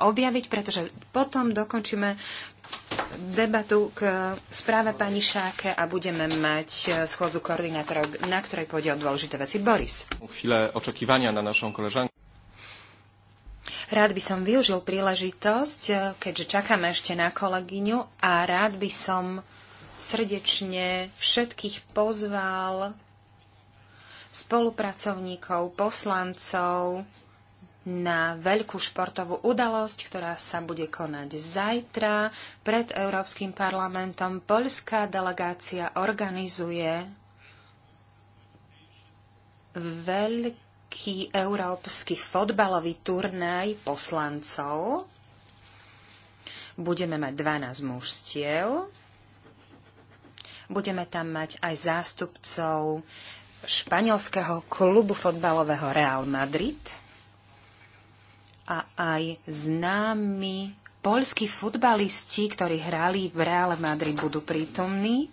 objaviť, pretože potom dokončíme debatu k správe pani Šáke a budeme mať eh, schôdzu koordinátorov, na ktorej pôjde o dôležité veci. Boris. Chvíle očakávania na našom koležanku. Rád by som využil príležitosť, eh, keďže čakáme ešte na kolegyňu a rád by som srdečne všetkých pozval spolupracovníkov, poslancov na veľkú športovú udalosť, ktorá sa bude konať zajtra. Pred Európskym parlamentom poľská delegácia organizuje veľký európsky fotbalový turnaj poslancov. Budeme mať 12 mužstiev. Budeme tam mať aj zástupcov španielského klubu fotbalového Real Madrid a aj známi poľskí futbalisti, ktorí hrali v Real Madrid, budú prítomní.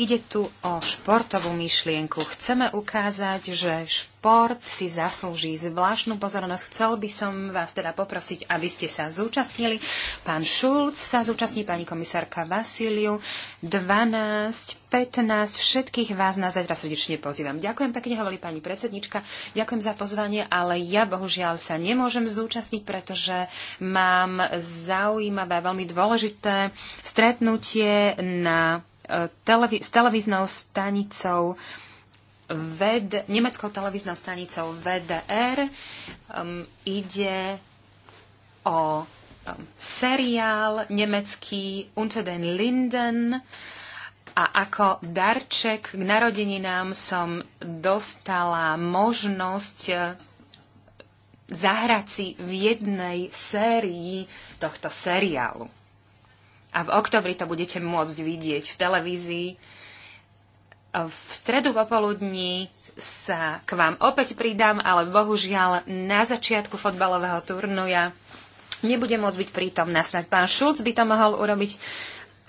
Ide tu o športovú myšlienku. Chceme ukázať, že šport si zaslúži zvláštnu pozornosť. Chcel by som vás teda poprosiť, aby ste sa zúčastnili. Pán Šulc sa zúčastní, pani komisárka Vasiliu. 12, 15, všetkých vás na zajtra srdečne pozývam. Ďakujem pekne, hovorí pani predsednička. Ďakujem za pozvanie, ale ja bohužiaľ sa nemôžem zúčastniť, pretože mám zaujímavé, veľmi dôležité stretnutie na televí- s televíznou stanicou VD, nemeckou televíznou stanicou VDR. Um, ide o um, seriál nemecký Unter den Linden a ako darček k narodeninám som dostala možnosť uh, zahrať si v jednej sérii tohto seriálu a v oktobri to budete môcť vidieť v televízii. V stredu popoludní sa k vám opäť pridám, ale bohužiaľ na začiatku fotbalového turnuja nebude môcť byť prítomná. Snaď pán Šulc by to mohol urobiť.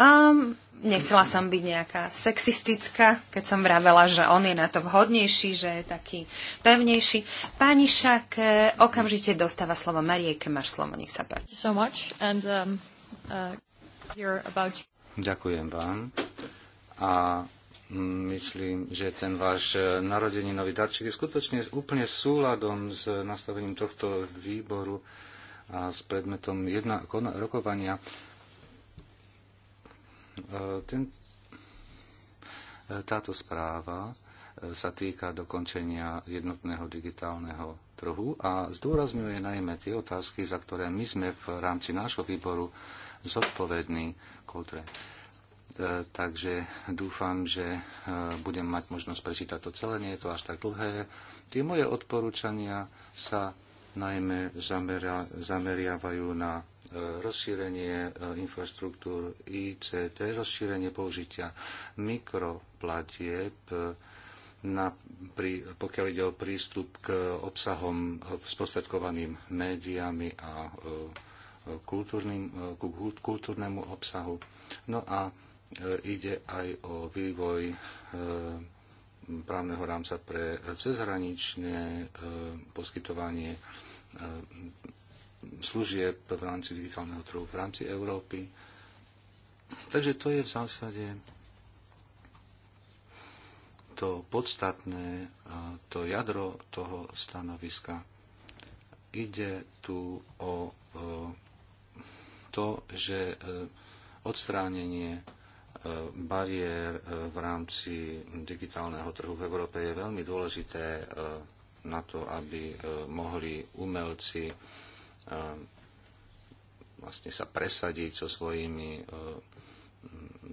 Um, nechcela som byť nejaká sexistická, keď som vravela, že on je na to vhodnejší, že je taký pevnejší. Pani však eh, okamžite dostáva slovo Marieke, máš slovo, nech sa páči. So much and, um, uh... Ďakujem vám. A myslím, že ten váš e, nový darček je skutočne úplne súladom s nastavením tohto výboru a s predmetom jedna, rokovania. E, ten, e, táto správa sa týka dokončenia jednotného digitálneho trhu a zdôrazňuje najmä tie otázky, za ktoré my sme v rámci nášho výboru zodpovední kultúre. E, takže dúfam, že e, budem mať možnosť prečítať to celé, nie je to až tak dlhé. Tie moje odporúčania sa najmä zameria, zameriavajú na e, rozšírenie infraštruktúr ICT, rozšírenie použitia mikroplatieb, na, pri, pokiaľ ide o prístup k obsahom sprostredkovaným médiami a e, kultúrnym, e, kultúrnemu obsahu. No a e, ide aj o vývoj právneho rámca pre cezhraničné poskytovanie služieb v rámci digitálneho trhu v rámci Európy. Takže to je v zásade to podstatné, e, to jadro toho stanoviska. Ide tu o e, to, že e, odstránenie bariér v rámci digitálneho trhu v Európe je veľmi dôležité na to, aby mohli umelci vlastne sa presadiť so svojimi,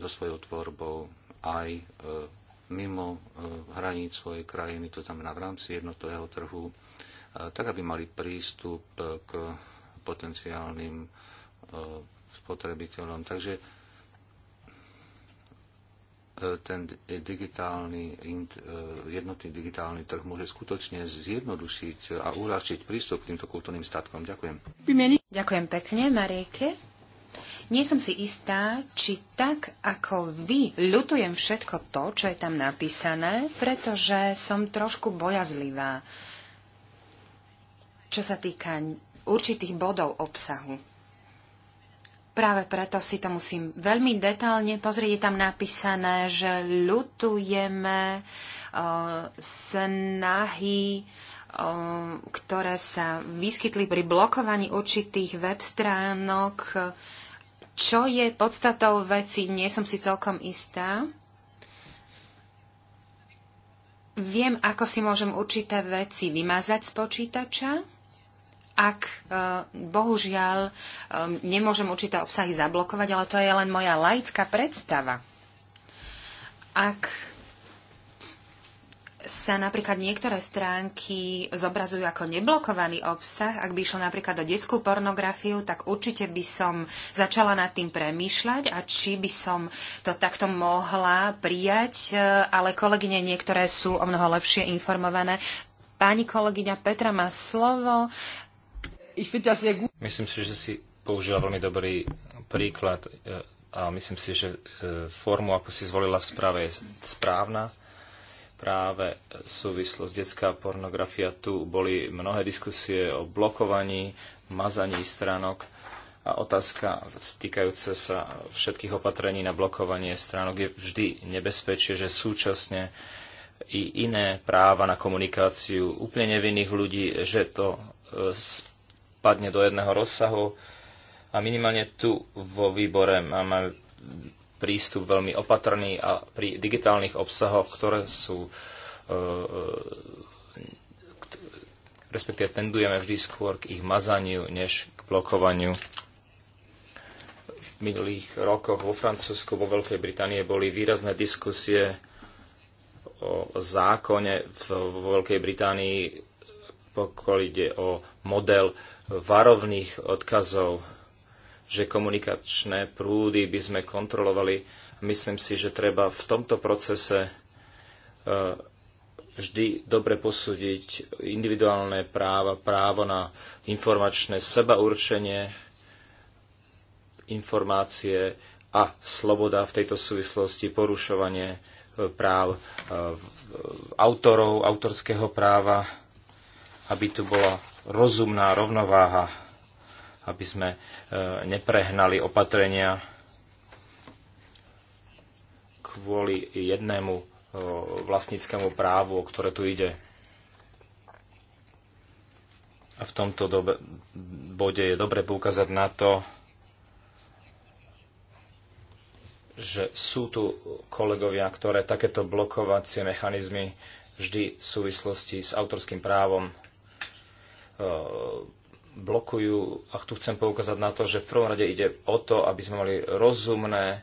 do svojou tvorbou aj mimo e, hraníc svojej krajiny, to znamená v rámci jednotového trhu, e, tak aby mali prístup e, k potenciálnym spotrebiteľom. Takže ten digitálny, jednotný digitálny trh môže skutočne zjednodušiť a uľahčiť prístup k týmto kultúrnym statkom. Ďakujem. Ďakujem pekne, Marieke. Nie som si istá, či tak ako vy ľutujem všetko to, čo je tam napísané, pretože som trošku bojazlivá, čo sa týka určitých bodov obsahu. Práve preto si to musím veľmi detálne pozrieť. Je tam napísané, že ľutujeme eh, snahy Um, ktoré sa vyskytli pri blokovaní určitých web stránok. Čo je podstatou veci, nie som si celkom istá. Viem, ako si môžem určité veci vymazať z počítača, ak uh, bohužiaľ um, nemôžem určité obsahy zablokovať, ale to je len moja laická predstava. Ak sa napríklad niektoré stránky zobrazujú ako neblokovaný obsah, ak by išlo napríklad o detskú pornografiu, tak určite by som začala nad tým premýšľať a či by som to takto mohla prijať, e, ale kolegyne niektoré sú o mnoho lepšie informované. Pani kolegyňa Petra má slovo. Myslím si, že si použila veľmi dobrý príklad e, a myslím si, že e, formu, ako si zvolila v správe, je správna práve súvislosť detská pornografia. Tu boli mnohé diskusie o blokovaní, mazaní stránok a otázka týkajúce sa všetkých opatrení na blokovanie stránok je vždy nebezpečie, že súčasne i iné práva na komunikáciu úplne nevinných ľudí, že to e, spadne do jedného rozsahu. A minimálne tu vo výbore máme prístup veľmi opatrný a pri digitálnych obsahoch, ktoré sú e, e, respektíve tendujeme vždy skôr k ich mazaniu, než k blokovaniu. V minulých rokoch vo Francúzsku, vo Veľkej Británie boli výrazné diskusie o zákone v, vo Veľkej Británii, pokiaľ ide o model varovných odkazov že komunikačné prúdy by sme kontrolovali. Myslím si, že treba v tomto procese e, vždy dobre posúdiť individuálne práva, právo na informačné sebaurčenie, informácie a sloboda v tejto súvislosti, porušovanie e, práv e, autorov, autorského práva, aby tu bola rozumná rovnováha aby sme e, neprehnali opatrenia kvôli jednému e, vlastníckému právu, o ktoré tu ide. A v tomto dobe, bode je dobre poukázať na to, že sú tu kolegovia, ktoré takéto blokovacie mechanizmy vždy v súvislosti s autorským právom e, blokujú a tu chcem poukázať na to, že v prvom rade ide o to, aby sme mali rozumné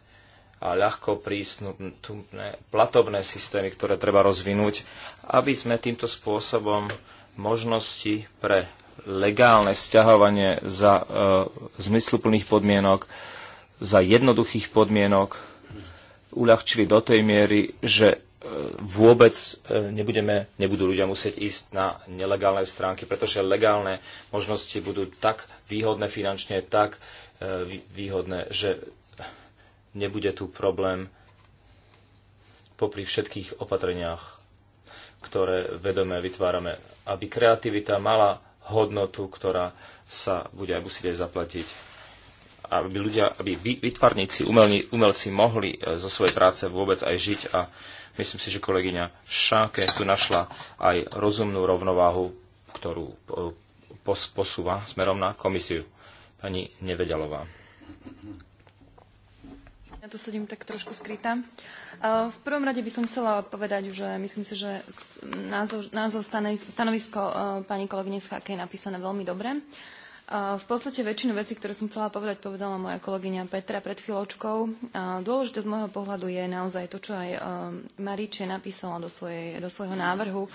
a ľahko prístupné platobné systémy, ktoré treba rozvinúť, aby sme týmto spôsobom možnosti pre legálne sťahovanie za e, zmysluplných podmienok, za jednoduchých podmienok uľahčili do tej miery, že E, vôbec e, nebudeme, nebudú ľudia musieť ísť na nelegálne stránky, pretože legálne možnosti budú tak výhodné finančne, tak e, výhodné, že nebude tu problém popri všetkých opatreniach, ktoré vedome vytvárame, aby kreativita mala hodnotu, ktorá sa bude aj musieť aj zaplatiť. Aby ľudia, aby vytvarníci, umelci mohli zo svojej práce vôbec aj žiť a Myslím si, že kolegyňa Šáke tu našla aj rozumnú rovnováhu, ktorú e, posúva smerom na komisiu. Pani Nevedalová. Ja tu sedím tak trošku skrytá. E, v prvom rade by som chcela povedať, že myslím si, že názov, názov stanovisko e, pani kolegyne Scháke je napísané veľmi dobre. V podstate väčšinu vecí, ktoré som chcela povedať, povedala moja kolegyňa Petra pred chvíľočkou. Dôležité z môjho pohľadu je naozaj to, čo aj um, Maríče napísala do, svojej, do svojho návrhu.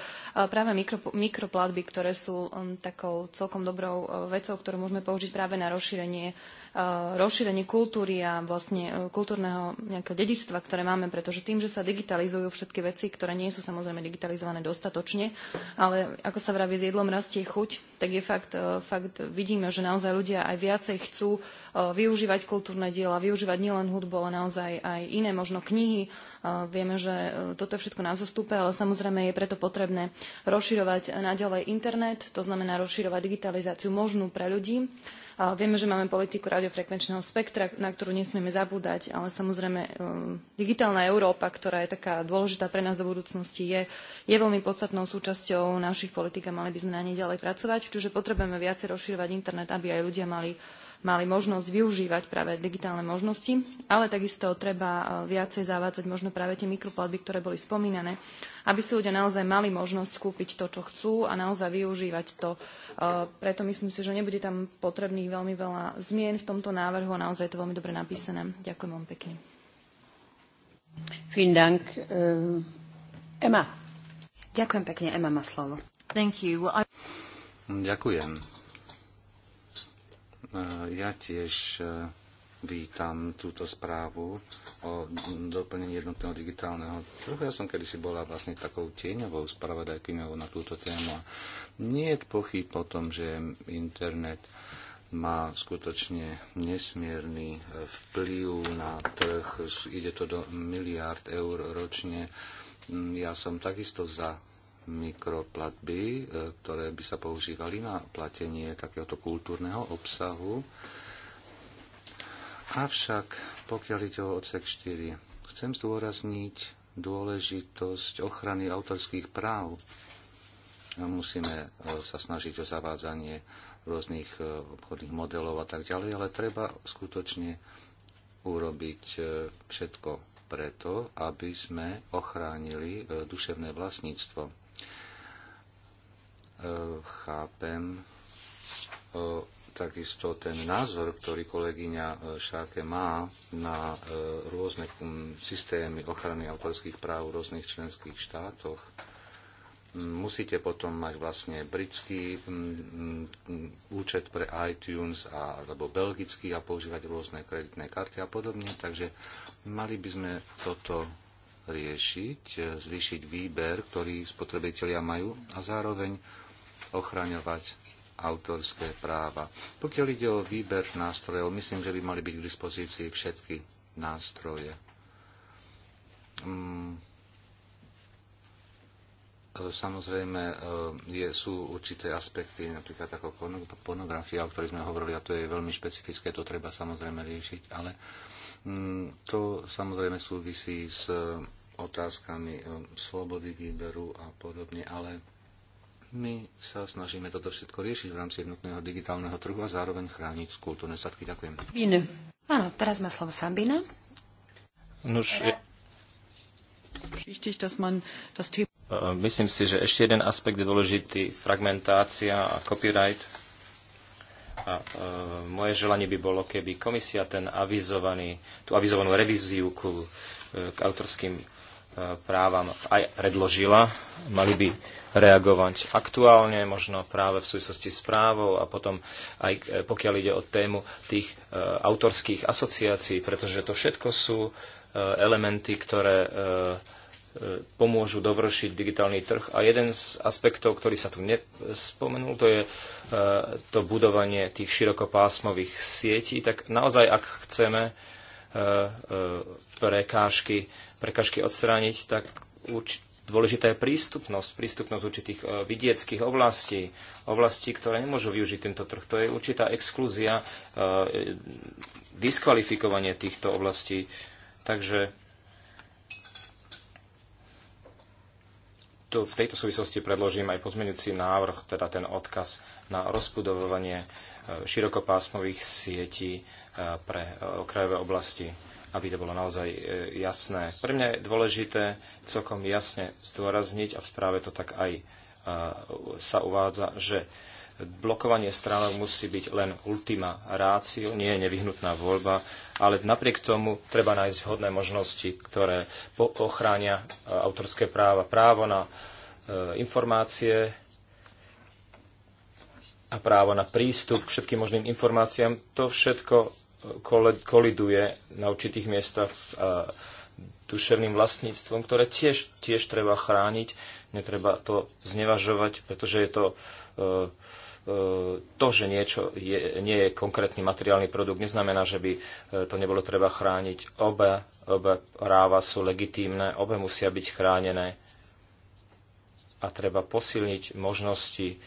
Práve mikro, mikroplatby, ktoré sú um, takou celkom dobrou uh, vecou, ktorú môžeme použiť práve na rozšírenie Eh, rozšírenie kultúry a vlastne eh, kultúrneho nejakého dedičstva, ktoré máme, pretože tým, že sa digitalizujú všetky veci, ktoré nie sú samozrejme digitalizované dostatočne, ale ako sa vraví, s jedlom rastie chuť, tak je fakt, eh, fakt vidíme, že naozaj ľudia aj viacej chcú využívať kultúrne diela, využívať nielen hudbu, ale naozaj aj iné, možno knihy. Vieme, že toto je všetko nám zostupe, ale samozrejme je preto potrebné rozširovať naďalej internet, to znamená rozširovať digitalizáciu možnú pre ľudí Vieme, že máme politiku radiofrekvenčného spektra, na ktorú nesmieme zabúdať, ale samozrejme um, digitálna Európa, ktorá je taká dôležitá pre nás do budúcnosti, je, je veľmi podstatnou súčasťou našich politik a mali by sme na nej ďalej pracovať. Čiže potrebujeme viacej rozširovať internet, aby aj ľudia mali mali možnosť využívať práve digitálne možnosti, ale takisto treba e, viacej zavádzať možno práve tie mikroplatby, ktoré boli spomínané, aby si ľudia naozaj mali možnosť kúpiť to, čo chcú a naozaj využívať to. E, preto myslím si, že nebude tam potrebných veľmi veľa zmien v tomto návrhu a naozaj je to veľmi dobre napísané. Ďakujem vám pekne. Vielen Dank. Eh, Emma. Ďakujem pekne, Emma má slovo. Thank you. Well, I... Ďakujem. Ja tiež e, vítam túto správu o doplnení jednotného digitálneho trhu. Ja som kedysi bola vlastne takou tieňovou spravodajkyňou na túto tému a nie je pochyb o tom, že internet má skutočne nesmierny e, vplyv na trh. Ide to do miliárd eur ročne. Mm, ja som takisto za mikroplatby, e, ktoré by sa používali na platenie takéhoto kultúrneho obsahu. Avšak, pokiaľ ide o odsek 4, chcem zdôrazniť dôležitosť ochrany autorských práv. Musíme e, sa snažiť o zavádzanie rôznych e, obchodných modelov a tak ďalej, ale treba skutočne urobiť všetko preto, aby sme ochránili duševné vlastníctvo chápem e, takisto ten názor, ktorý kolegyňa e, Šáke má na e, rôzne systémy ochrany autorských práv v rôznych členských štátoch. Musíte potom mať vlastne britský účet pre iTunes a, alebo belgický a používať rôzne kreditné karty a podobne. Takže mali by sme toto riešiť, zvýšiť výber, ktorý spotrebitelia majú a zároveň ochraňovať autorské práva. Pokiaľ ide o výber nástrojov, myslím, že by mali byť k dispozícii všetky nástroje. Mm. E, samozrejme, e, je, sú určité aspekty, napríklad ako pornografia, o ktorej sme hovorili, a to je veľmi špecifické, to treba samozrejme riešiť, ale mm, to samozrejme súvisí s e, otázkami slobody výberu a podobne, ale my sa snažíme toto všetko riešiť v rámci jednotného digitálneho trhu a zároveň chrániť kultúrne statky. Ďakujem. Iné. Áno, teraz má slovo Sabina. Nož, e, Myslím si, že ešte jeden aspekt je dôležitý, fragmentácia a copyright. A e, moje želanie by bolo, keby komisia ten avizovaný, tú avizovanú revíziu ku, e, k autorským E, právam aj predložila, mali by reagovať aktuálne, možno práve v súvislosti s právou a potom aj e, pokiaľ ide o tému tých e, autorských asociácií, pretože to všetko sú elementy, ktoré pomôžu dovršiť digitálny trh. A jeden z aspektov, ktorý sa tu nespomenul, to je to budovanie tých širokopásmových sietí. Tak naozaj, ak chceme prekážky, prekážky odstrániť, tak urč- dôležitá je prístupnosť, prístupnosť určitých e, vidieckých oblastí, oblastí, ktoré nemôžu využiť tento trh. To je určitá exklúzia, e, diskvalifikovanie týchto oblastí. Takže tu v tejto súvislosti predložím aj pozmenujúci návrh, teda ten odkaz na rozbudovanie e, širokopásmových sietí pre okrajové oblasti aby to bolo naozaj e, jasné. Pre mňa je dôležité celkom jasne zdôrazniť, a v správe to tak aj e, sa uvádza, že blokovanie stránok musí byť len ultima rácio, nie je nevyhnutná voľba, ale napriek tomu treba nájsť vhodné možnosti, ktoré ochránia e, autorské práva, právo na informácie a právo na prístup k všetkým možným informáciám. To všetko koliduje na určitých miestach s duševným vlastníctvom, ktoré tiež, tiež treba chrániť, netreba to znevažovať, pretože je to e, e, to, že niečo je, nie je konkrétny materiálny produkt, neznamená, že by e, to nebolo treba chrániť. Obe, obe práva sú legitímne, obe musia byť chránené a treba posilniť možnosti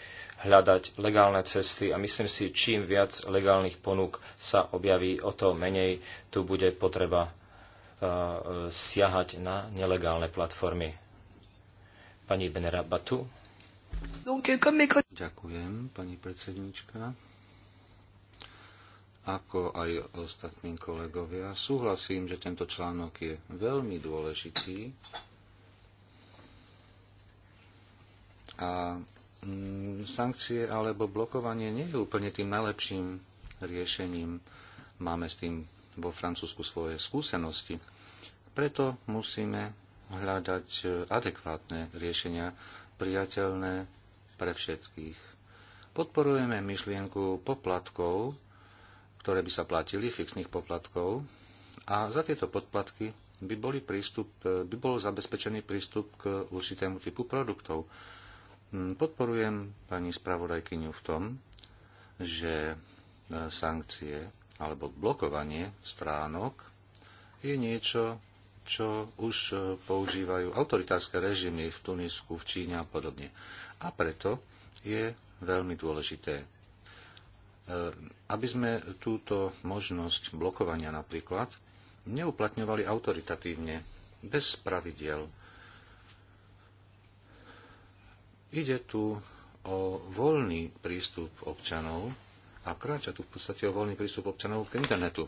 hľadať legálne cesty a myslím si, čím viac legálnych ponúk sa objaví, o to menej tu bude potreba e, e, siahať na nelegálne platformy. Pani Benera Batu. Euh, Ďakujem, pani predsednička. Ako aj ostatní kolegovia, súhlasím, že tento článok je veľmi dôležitý a Mm, sankcie alebo blokovanie nie je úplne tým najlepším riešením. Máme s tým vo Francúzsku svoje skúsenosti. Preto musíme hľadať e, adekvátne riešenia, priateľné pre všetkých. Podporujeme myšlienku poplatkov, ktoré by sa platili, fixných poplatkov, a za tieto podplatky by, boli prístup, e, by bol zabezpečený prístup k určitému typu produktov. Hm, podporujem pani spravodajkyňu v tom, že e, sankcie alebo blokovanie stránok je niečo, čo už e, používajú autoritárske režimy v Tunisku, v Číne a podobne. A preto je veľmi dôležité, e, aby sme túto možnosť blokovania napríklad neuplatňovali autoritatívne, bez pravidiel, Ide tu o voľný prístup občanov a kráča tu v podstate o voľný prístup občanov k internetu.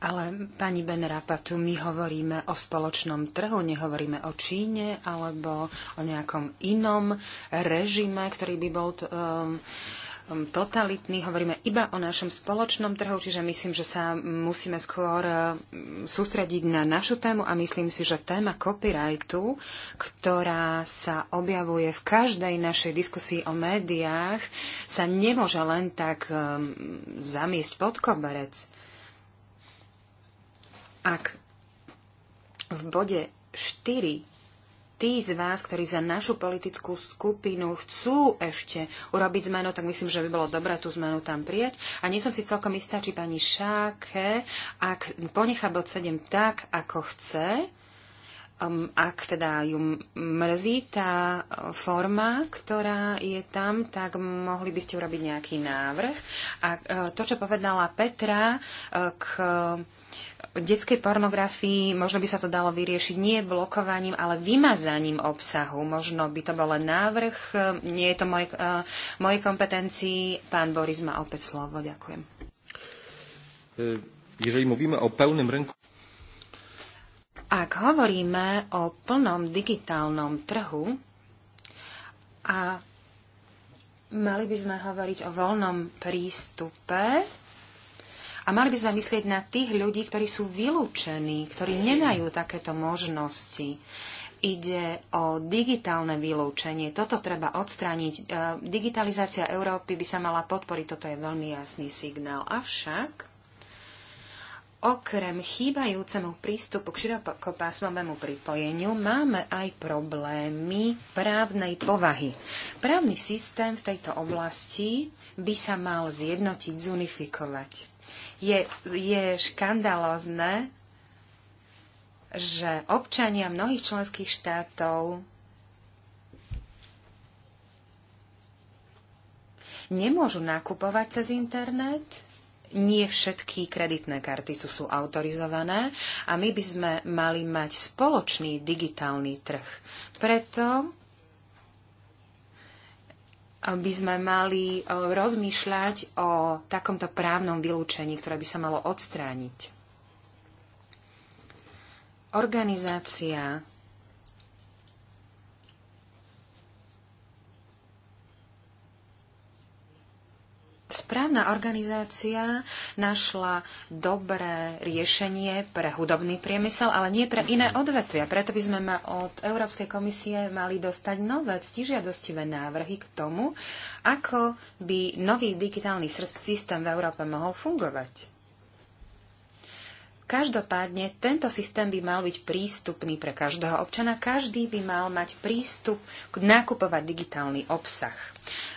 Ale pani Benrapa, tu my hovoríme o spoločnom trhu, nehovoríme o Číne alebo o nejakom inom režime, ktorý by bol t- um, Um, totalitný, hovoríme iba o našom spoločnom trhu, čiže myslím, že sa musíme skôr uh, sústrediť na našu tému a myslím si, že téma copyrightu, ktorá sa objavuje v každej našej diskusii o médiách, sa nemôže len tak um, zamiesť pod koberec. Ak v bode 4 tí z vás, ktorí za našu politickú skupinu chcú ešte urobiť zmenu, tak myslím, že by bolo dobré tú zmenu tam prijať. A nie som si celkom istá, či pani Šáke, ak ponechá bod 7 tak, ako chce, um, ak teda ju mrzí tá forma, ktorá je tam, tak mohli by ste urobiť nejaký návrh. A uh, to, čo povedala Petra uh, k detskej pornografii možno by sa to dalo vyriešiť nie blokovaním, ale vymazaním obsahu. Možno by to bol len návrh, e, nie je to moje, uh, e, mojej kompetencii. Pán Boris má opäť slovo. Ďakujem. E, Jeżeli mówimy o pełnym rynku... Ak hovoríme o plnom digitálnom trhu a mali by sme hovoriť o voľnom prístupe, a mali by sme myslieť na tých ľudí, ktorí sú vylúčení, ktorí nemajú takéto možnosti. Ide o digitálne vylúčenie. Toto treba odstrániť. E, digitalizácia Európy by sa mala podporiť. Toto je veľmi jasný signál. Avšak Okrem chýbajúcemu prístupu k širokopásmovému pripojeniu máme aj problémy právnej povahy. Právny systém v tejto oblasti by sa mal zjednotiť, zunifikovať je, je škandalozne, že občania mnohých členských štátov nemôžu nakupovať cez internet, nie všetky kreditné kartice sú autorizované a my by sme mali mať spoločný digitálny trh. Preto by sme mali e, rozmýšľať o takomto právnom vylúčení, ktoré by sa malo odstrániť. Organizácia správna organizácia našla dobré riešenie pre hudobný priemysel, ale nie pre iné odvetvia. Preto by sme ma od Európskej komisie mali dostať nové ctižiadostivé návrhy k tomu, ako by nový digitálny systém v Európe mohol fungovať. Každopádne tento systém by mal byť prístupný pre každého občana. Každý by mal mať prístup k nakupovať digitálny obsah.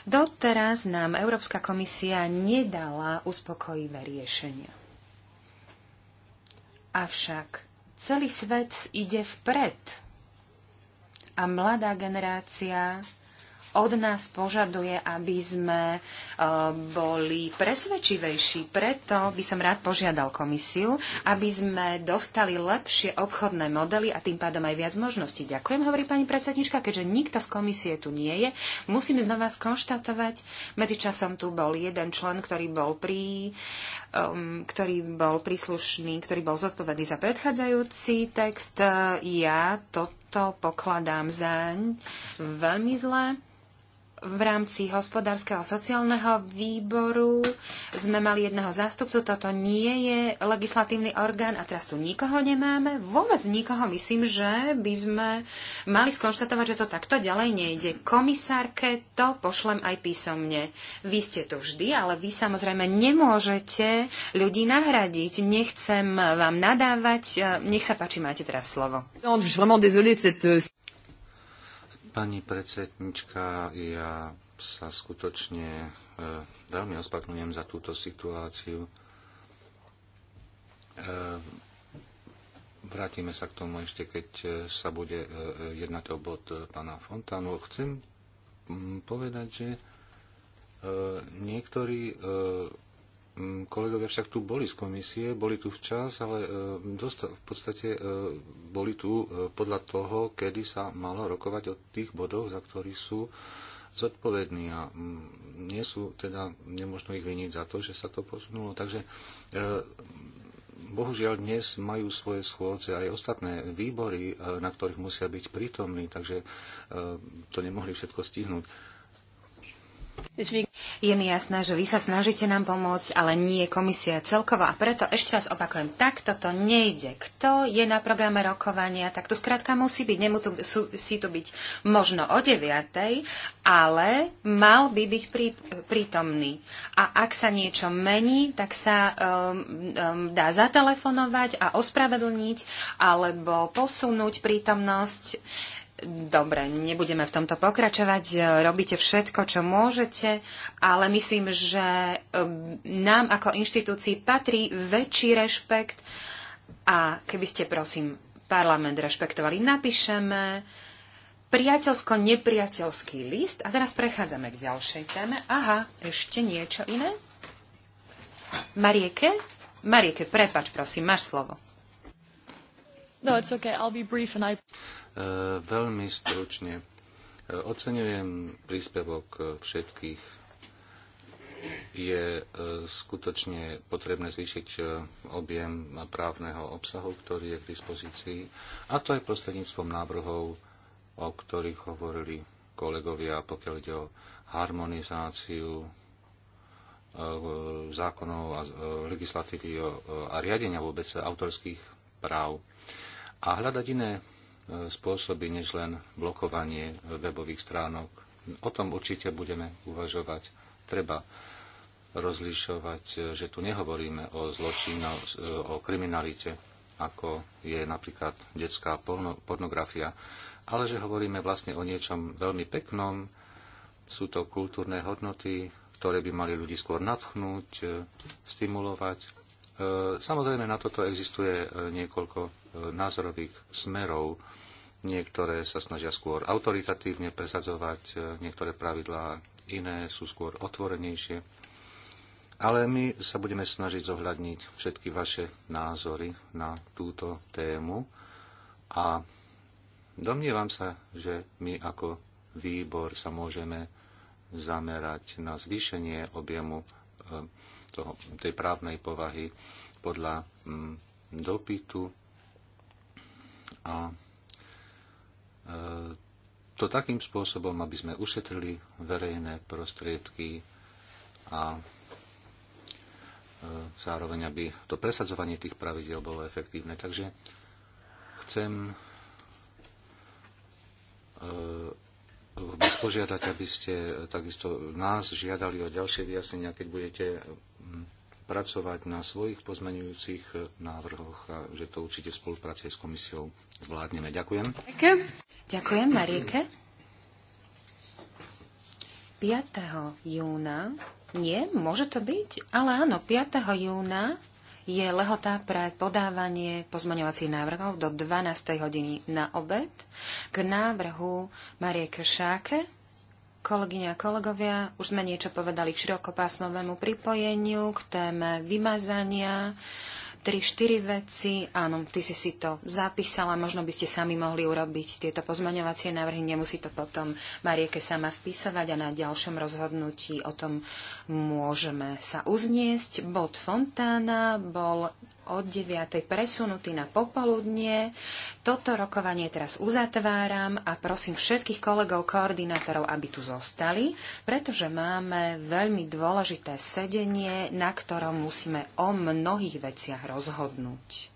Doteraz nám Európska komisia nedala uspokojivé riešenia. Avšak celý svet ide vpred a mladá generácia od nás požaduje, aby sme e, boli presvedčivejší. Preto by som rád požiadal komisiu, aby sme dostali lepšie obchodné modely a tým pádom aj viac možností. Ďakujem, hovorí pani predsednička, keďže nikto z komisie tu nie je. Musím znova skonštatovať, medzičasom tu bol jeden člen, ktorý bol pri um, ktorý bol príslušný, ktorý bol zodpovedný za predchádzajúci text. Ja toto pokladám zaň veľmi zle v rámci hospodárskeho a sociálneho výboru sme mali jedného zástupcu, toto nie je legislatívny orgán a teraz tu nikoho nemáme. Vôbec nikoho myslím, že by sme mali skonštatovať, že to takto ďalej nejde. Komisárke to pošlem aj písomne. Vy ste tu vždy, ale vy samozrejme nemôžete ľudí nahradiť. Nechcem vám nadávať. Nech sa páči, máte teraz slovo. Pani predsednička, ja sa skutočne e, veľmi ospravedlňujem za túto situáciu. E, vrátime sa k tomu ešte, keď e, sa bude jednať o bod pána Fontánu. Chcem povedať, že niektorí Mm, kolegovia však tu boli z komisie, boli tu včas, ale e, v podstate e, boli tu e, podľa toho, kedy sa malo rokovať o tých bodoch, za ktorých sú zodpovední a mm, nie sú teda, nemožno ich viniť za to, že sa to posunulo. Takže bohužiaľ dnes majú svoje schôdze aj ostatné výbory, na ktorých musia byť prítomní, takže to nemohli všetko stihnúť. Je mi jasné, že vy sa snažíte nám pomôcť, ale nie komisia celkovo. A preto ešte raz opakujem, tak toto nejde. Kto je na programe rokovania, tak tu skrátka musí byť. Nemusí tu byť možno o 9, ale mal by byť prí, prítomný. A ak sa niečo mení, tak sa um, um, dá zatelefonovať a ospravedlniť alebo posunúť prítomnosť Dobre, nebudeme v tomto pokračovať. Robíte všetko, čo môžete, ale myslím, že um, nám ako inštitúcii patrí väčší rešpekt a keby ste, prosím, parlament rešpektovali, napíšeme priateľsko-nepriateľský list. A teraz prechádzame k ďalšej téme. Aha, ešte niečo iné? Marieke? Marieke, prepač, prosím, máš slovo. No, it's okay. I'll be brief and I... E, veľmi stručne. E, oceňujem príspevok e, všetkých. Je skutočne potrebné zvýšiť objem právneho obsahu, ktorý je k dispozícii, a to aj prostredníctvom návrhov, o ktorých hovorili kolegovia, pokiaľ ide o harmonizáciu zákonov a legislatívy a riadenia vôbec autorských práv. A hľadať iné spôsoby, než len blokovanie webových stránok. O tom určite budeme uvažovať. Treba rozlišovať, že tu nehovoríme o zločine, o kriminalite, ako je napríklad detská pornografia, ale že hovoríme vlastne o niečom veľmi peknom. Sú to kultúrne hodnoty, ktoré by mali ľudí skôr nadchnúť, stimulovať. E, samozrejme, na toto existuje e, niekoľko názorových smerov. Niektoré sa snažia skôr autoritatívne presadzovať e, niektoré pravidlá, iné sú skôr otvorenejšie. Ale my sa budeme snažiť zohľadniť všetky vaše názory na túto tému a domnievam sa, že my ako výbor sa môžeme zamerať na zvýšenie objemu e, toho, tej právnej povahy podľa mm, dopytu a e, to takým spôsobom, aby sme ušetrili verejné prostriedky a e, zároveň, aby to presadzovanie tých pravidel bolo efektívne. Takže chcem e, vás požiadať, aby ste takisto nás žiadali o ďalšie vyjasnenia, keď budete pracovať na svojich pozmenujúcich návrhoch a že to určite v spolupráci s komisiou zvládneme. Ďakujem. Ďakujem, Ďakujem Marieke. 5. júna, nie, môže to byť, ale áno, 5. júna je lehota pre podávanie pozmaňovacích návrhov do 12. hodiny na obed k návrhu Marie Kršáke Kolegyne a kolegovia, už sme niečo povedali k širokopásmovému pripojeniu, k téme vymazania, 3-4 veci. Áno, ty si si to zapísala, možno by ste sami mohli urobiť tieto pozmaňovacie návrhy, nemusí to potom Marieke sama spísovať a na ďalšom rozhodnutí o tom môžeme sa uzniesť. Bod Fontána bol od 9. presunutý na popoludnie. Toto rokovanie teraz uzatváram a prosím všetkých kolegov koordinátorov, aby tu zostali, pretože máme veľmi dôležité sedenie, na ktorom musíme o mnohých veciach rozhodnúť.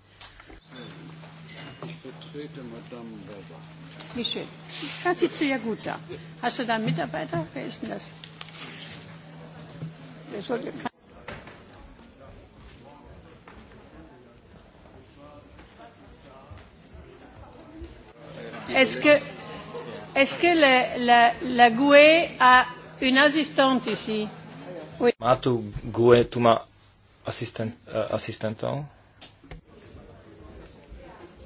Wie Est-ce que, est que la, la, la GUE a une assistante ici? Oui. Má tu GUE, tu má asistent, uh, asistentov?